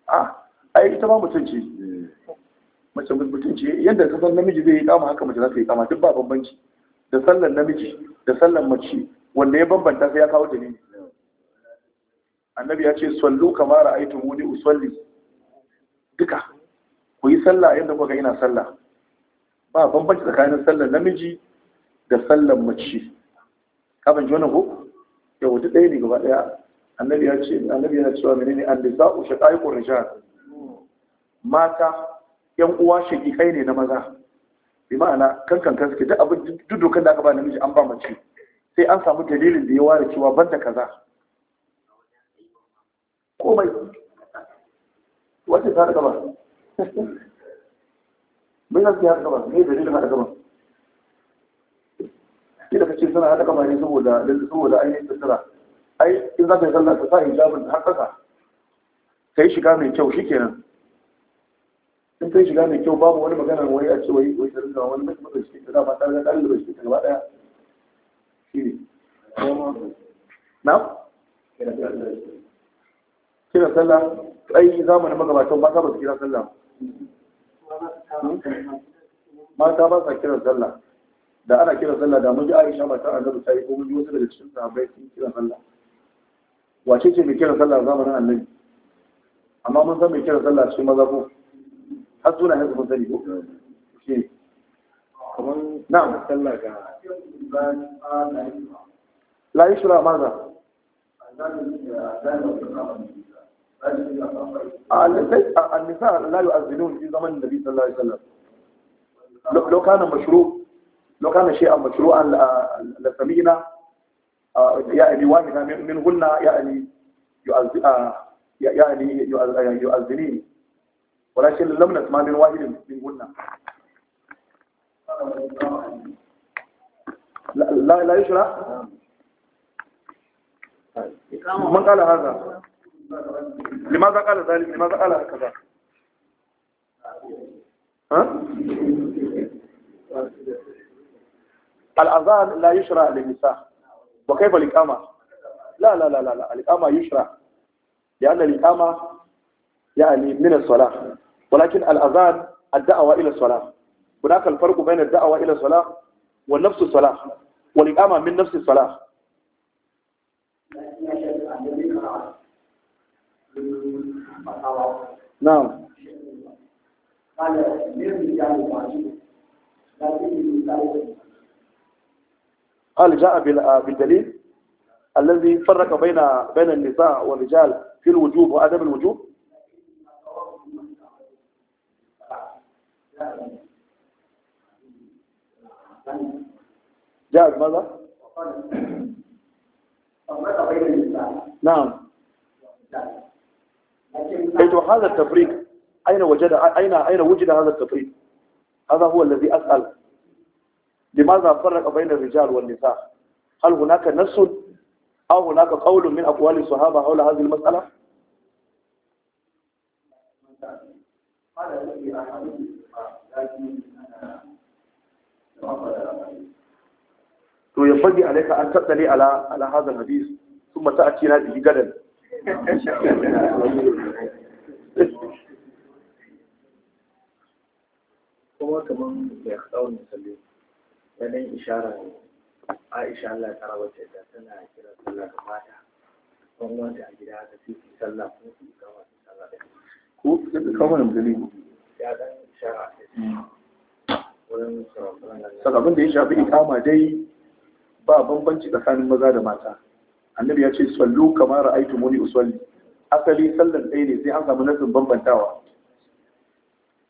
a ah, ita ma mutum ce mace mutum ce yadda ka san namiji zai yi kama haka mace za ta yi kama duk ba bambanci da sallan namiji da sallan mace wanda ya bambanta sai ya kawo dalili annabi ya ce sallu kama ra'aytu muni usalli duka ku yi sallah yadda kuka ina sallah ba bambanci tsakanin sallan namiji da sallan mace ka ban ji wannan ko yau duk ɗaya ne gaba ɗaya annabi ya ce annabi yana cewa menene an-nisa'u shaqaiqur rijal mata yan uwa kai ne na maza bi ma'ana kankan kan suke duk abin dudukan da aka ba namiji an ba mace sai an samu dalilin da ya ware cewa banda kaza komai wacce ta gaba mai zafi ya gaba mai dalilin haɗa gaba ke da kace suna haɗa gaba ne saboda ainihin tattara ai in za ka yi sallah ka sa hijabin har ƙasa ka yi shiga mai kyau shikenan in ka yi shiga mai kyau babu wani magana wani a ce wai wai ta rinka wani mutum da shi ta dama ta riga ta rinka shi ta gaba ɗaya shi ne na kira sallah ai zamanin magabatan ba ta ba su kira sallah mata ba sa kira sallah da ana kira sallah da mun ji Aisha matar Annabi ta yi ko mun ji wasu daga cikin sahabbai sun sallah wace ce mai kira sallah zamanin annabi amma mun san mai kira sallah cikin maza ko har suna yanzu mun sani ko shi na'am sallah ga la yusra maza النساء لا يؤذنون في زمن النبي صلى الله عليه وسلم لو كان مشروع لو كان شيئا مشروعا Samina. يعني من قلنا يعني آه، يعني آه، يؤذنين ولكن لم نسمع من واحد من قلنا لا, لا يشرع من قال هذا لماذا قال ذلك لماذا قال هكذا ها الأذان لا يشرع للنساء وكيف الإقامة لا لا لا لا, الإقامة يشرع لأن الإقامة يعني من الصلاة ولكن الأذان الدعوة إلى الصلاة هناك الفرق بين الدعوة إلى الصلاة والنفس الصلاة والإقامة من نفس الصلاة نعم قال قال جاء آه، بالدليل الذي فرق بين بين النساء والرجال في الوجوب وعدم الوجوب جاء بماذا؟ نعم أيضا هذا التفريق أين وجد أين أين وجد هذا التفريق؟ هذا هو الذي أسأل limaza farraqa bayna rijal wal nisa hal hunaka nassun aw hunaka qawlun min aqwali sahaba hawla hadhihi to ya fage an tattale ala ala hadha al thumma ta'ti na bi gadan kuma kaman ya kawo ne ganin ishara ne aisha Allah ta rawace da tana kira sallah ga mata don wanda a gida ta sai su sallah ko su kama su sallah da ko sai ka kama da mutum ya dan ishara hmm. wurin abin da ya shafi ikama dai ba bambanci tsakanin maza da mata annabi ya ce sallu kamar ra'aytu muni usalli asali sallan ɗaya ne sai an samu nasin bambantawa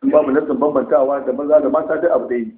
in babu nasin bambantawa da maza da mata duk abu ɗaya ne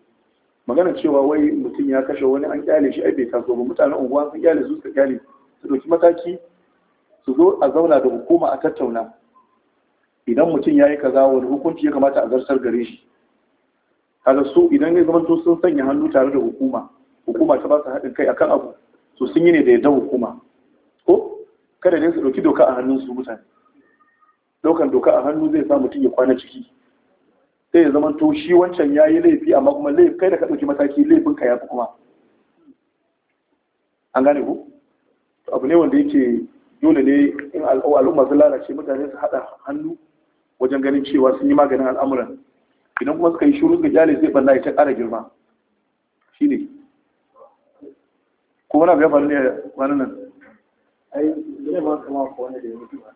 magana cewa wai mutum ya kashe wani an kyale shi ai bai taso ba mutanen unguwa sun kyale su suka kyale su ɗauki mataki su zo a zauna da hukuma a tattauna idan mutum ya yi kaza wani hukunci ya kamata a zartar gare shi kaga su idan ya zamanto sun sanya hannu tare da hukuma hukuma ta ba su haɗin kai akan abu su sun yi ne da yadda hukuma ko kada ne su ɗauki doka a hannun su mutane ɗaukan doka a hannu zai sa mutum ya kwana ciki sai ya zama to shi wancan ya yi laifi amma kuma laifin kai da ka ɗauki mataki laifin ka ya fi kuma an gane ku abu ne wanda yake dole ne in al'umma sun lalace mutane su haɗa hannu wajen ganin cewa sun yi maganin al'amuran idan kuma suka yi shuru ga jale zai banna ita ƙara girma shi ne kuma na biya faru ne kwanan nan ai zai ba kama da ya mutu ba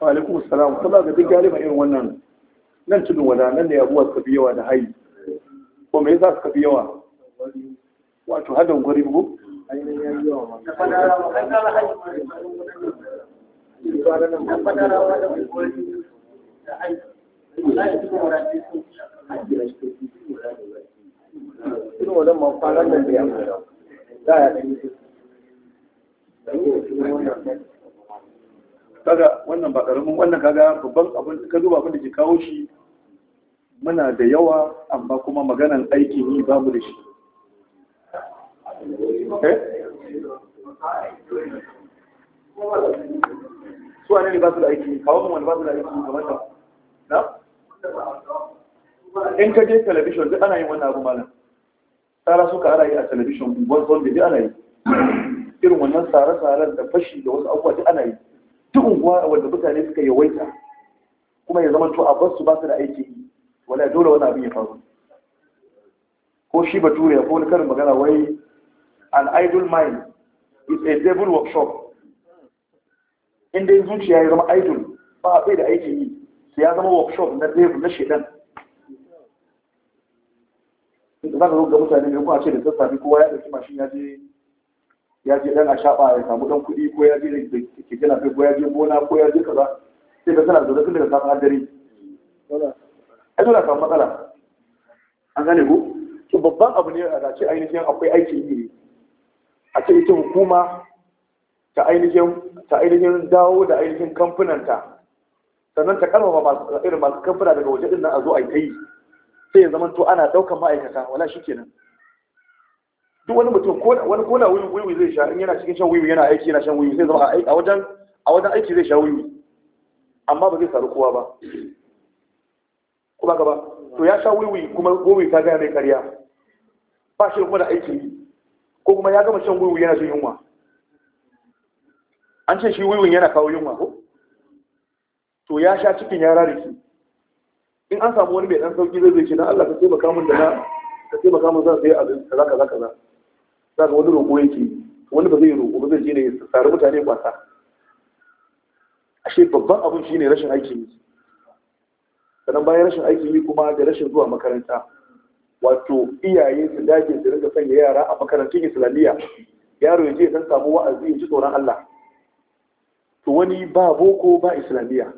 wa alaikum assalam kuma ga duk galiba irin wannan nan tudun wada nan ne abuwa suka fi yawa da hayi ko me yasa suka fi yawa wato hadan gwari ko irin wannan da ya da kaga wannan ba karamin wannan kaga babban abin ka duba abin da ke kawo shi muna da yawa amma kuma maganan aikin yi mu da shi eh? su wane ne ba su da aiki kawo mu wani ba su da aiki kamar ta na? in ka je talabishon duk ana yin wannan abu malam tsara suka ana yi a talabishon wanda duk ana yi irin wannan tsare-tsaren da fashi da wasu abubuwa duk ana yi duk unguwa wanda mutane suka yawaita kuma ya to a basu ba su da aiki wala dole wani abin ya faru ko shi bature ko wani karin magana wai an idle mind is a devil workshop inda yin zuciya ya zama idle ba a da aiki yi sai ya zama workshop na devil na shedan za ka zo ga mutane ne kuma a ce da sassafe kowa ya ɗauki mashin ya je ya je dan shaɓa ya samu dan kuɗi ko ya je da ke gina kai ko ya je gona ko ya je kaza sai ka suna da tun daga safa har dare ai dole samu matsala an gane ko to babban abu ne a ce ainihin akwai aikin yi a ce ita hukuma ta ainihin ta ainihin dawo da ainihin kamfunanta sannan ta karfafa irin masu kamfuna daga waje din nan a zo a yi ta yi sai ya zama to ana ɗaukar ma'aikata wala shi kenan duk wani mutum ko wani ko wiwi zai sha in yana cikin shan wiwi yana aiki yana shan wiwi sai zama a wajen a wajen aiki zai sha wiwi amma ba zai saru kowa ba ko ba ba to ya sha wiwi kuma wiwi ta gaya mai karya ba shi kuma da aiki ko kuma ya gama shan wiwi yana jin yunwa an ce shi wiwi yana kawo yunwa ko to ya sha cikin yara da shi in an samu wani mai dan sauki zai zai ce na Allah ka taimaka min da na ka taimaka min zan sai abin kaza kaza kaza za wani roƙo yake wani ba zai roƙo ba zai je ne ya tsari mutane kwasa ashe babban abin shine rashin aikin yi sannan bayan rashin aikin yi kuma da rashin zuwa makaranta wato iyaye su dage su rinka sanya yara a makarantun islamiyya yaro ya je ya san samu wa'azi ya ji tsoron Allah to wani ba boko ba islamiyya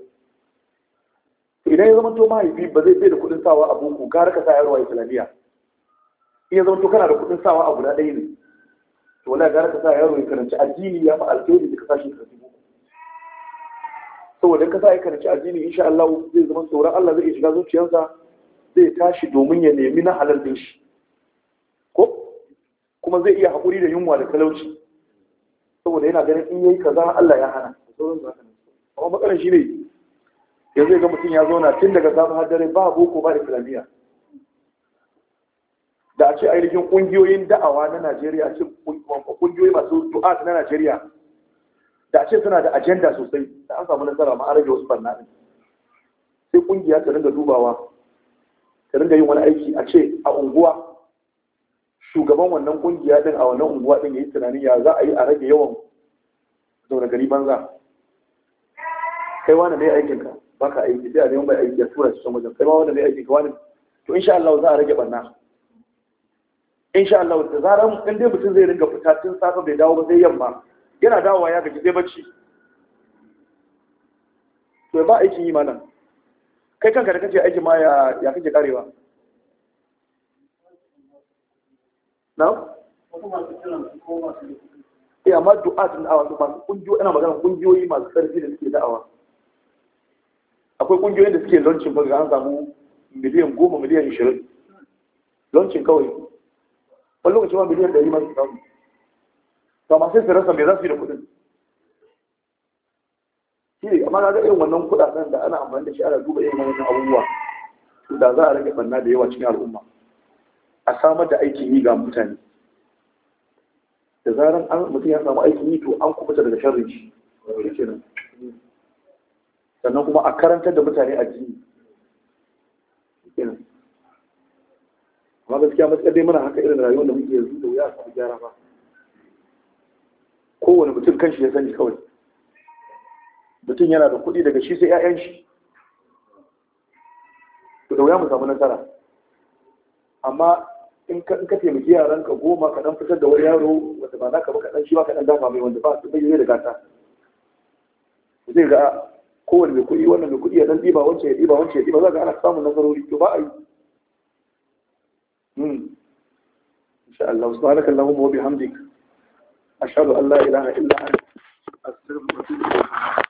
idan ya zama to mahaifi ba zai bai da kuɗin sawa a boko gara ka sa yaro a islamiyya in ya zama to kana da kuɗin sawa a guda ɗaya ne to wala gara ka sa yaro ya karanci addini ya fi alkhairi da ka sa shi karanci boko saboda ka sa ya karanci addini insha Allah zai zama tsoron Allah zai shiga zuciyarsa zai tashi domin ya nemi na halal din shi ko kuma zai iya haƙuri da yunwa da talauci saboda yana ganin in yayi kaza Allah ya hana amma matsalar shi ne yanzu ya ga mutum ya zauna tun daga safe har dare ba boko ba da islamiyya da a ce ainihin ƙungiyoyin da'awa na Najeriya ce ƙungiyoyi masu du'a na Najeriya da a ce suna da agenda sosai da an samu nasara ma an rage wasu barna ɗin sai ƙungiya ta ringa dubawa ta ringa yin wani aiki a ce a unguwa shugaban wannan ƙungiya din a wannan unguwa din ya yi tunanin ya za a yi a rage yawan zaune gari banza kai wani mai aikinka baka aiki sai a neman mai aiki ya tura shi can wajen kai ma wani mai aikinka wani to insha Allah za a rage barna insha Allah da zaran in dai mutum zai ringa fita tun safe bai dawo ba sai yamma yana dawowa ya gaji sai bacci to ba aikin yi malam kai kanka da kace aikin ma ya ya kake karewa na ya ma eh, du'a din awa su masu kungiyo ina magana kungiyoyi masu karfi da suke da'awa akwai kungiyoyin da suke launching ba ga an samu miliyan goma miliyan ishirin launching kawai wani lokaci ma miliyan ɗari masu samu to amma sai su mai me za su yi da kuɗin shi ne amma na ga irin wannan kuɗaɗen da ana amfani da shi ana duba irin wannan abubuwa to da za a rage banna da yawa cikin al'umma a samar da aikin yi ga mutane da zaran an mutum ya samu aikin yi to an kubuta daga sharri shi sannan kuma a karantar da mutane addini jini amma gaskiya matsayar dai muna haka irin rayuwar da muke yanzu da wuya a samu gyara ba kowane mutum kan shi ya sani kawai mutum yana da kuɗi daga shi sai 'ya'yan shi to da wuya mu samu nasara amma in ka taimaki yaran ka goma ka dan fitar da wani yaro wanda ba naka ba ka dan shi ba ka dan dafa mai wanda ba su bai da gata zai ga kowane mai kuɗi wannan mai kuɗi ya dan ɗiba wancan ya ɗiba wancan ya ɗiba za ga ana samun nasarori to ba a yi شاء الله سبحانك اللهم وبحمدك أشهد أن لا إله إلا أنت أستغفرك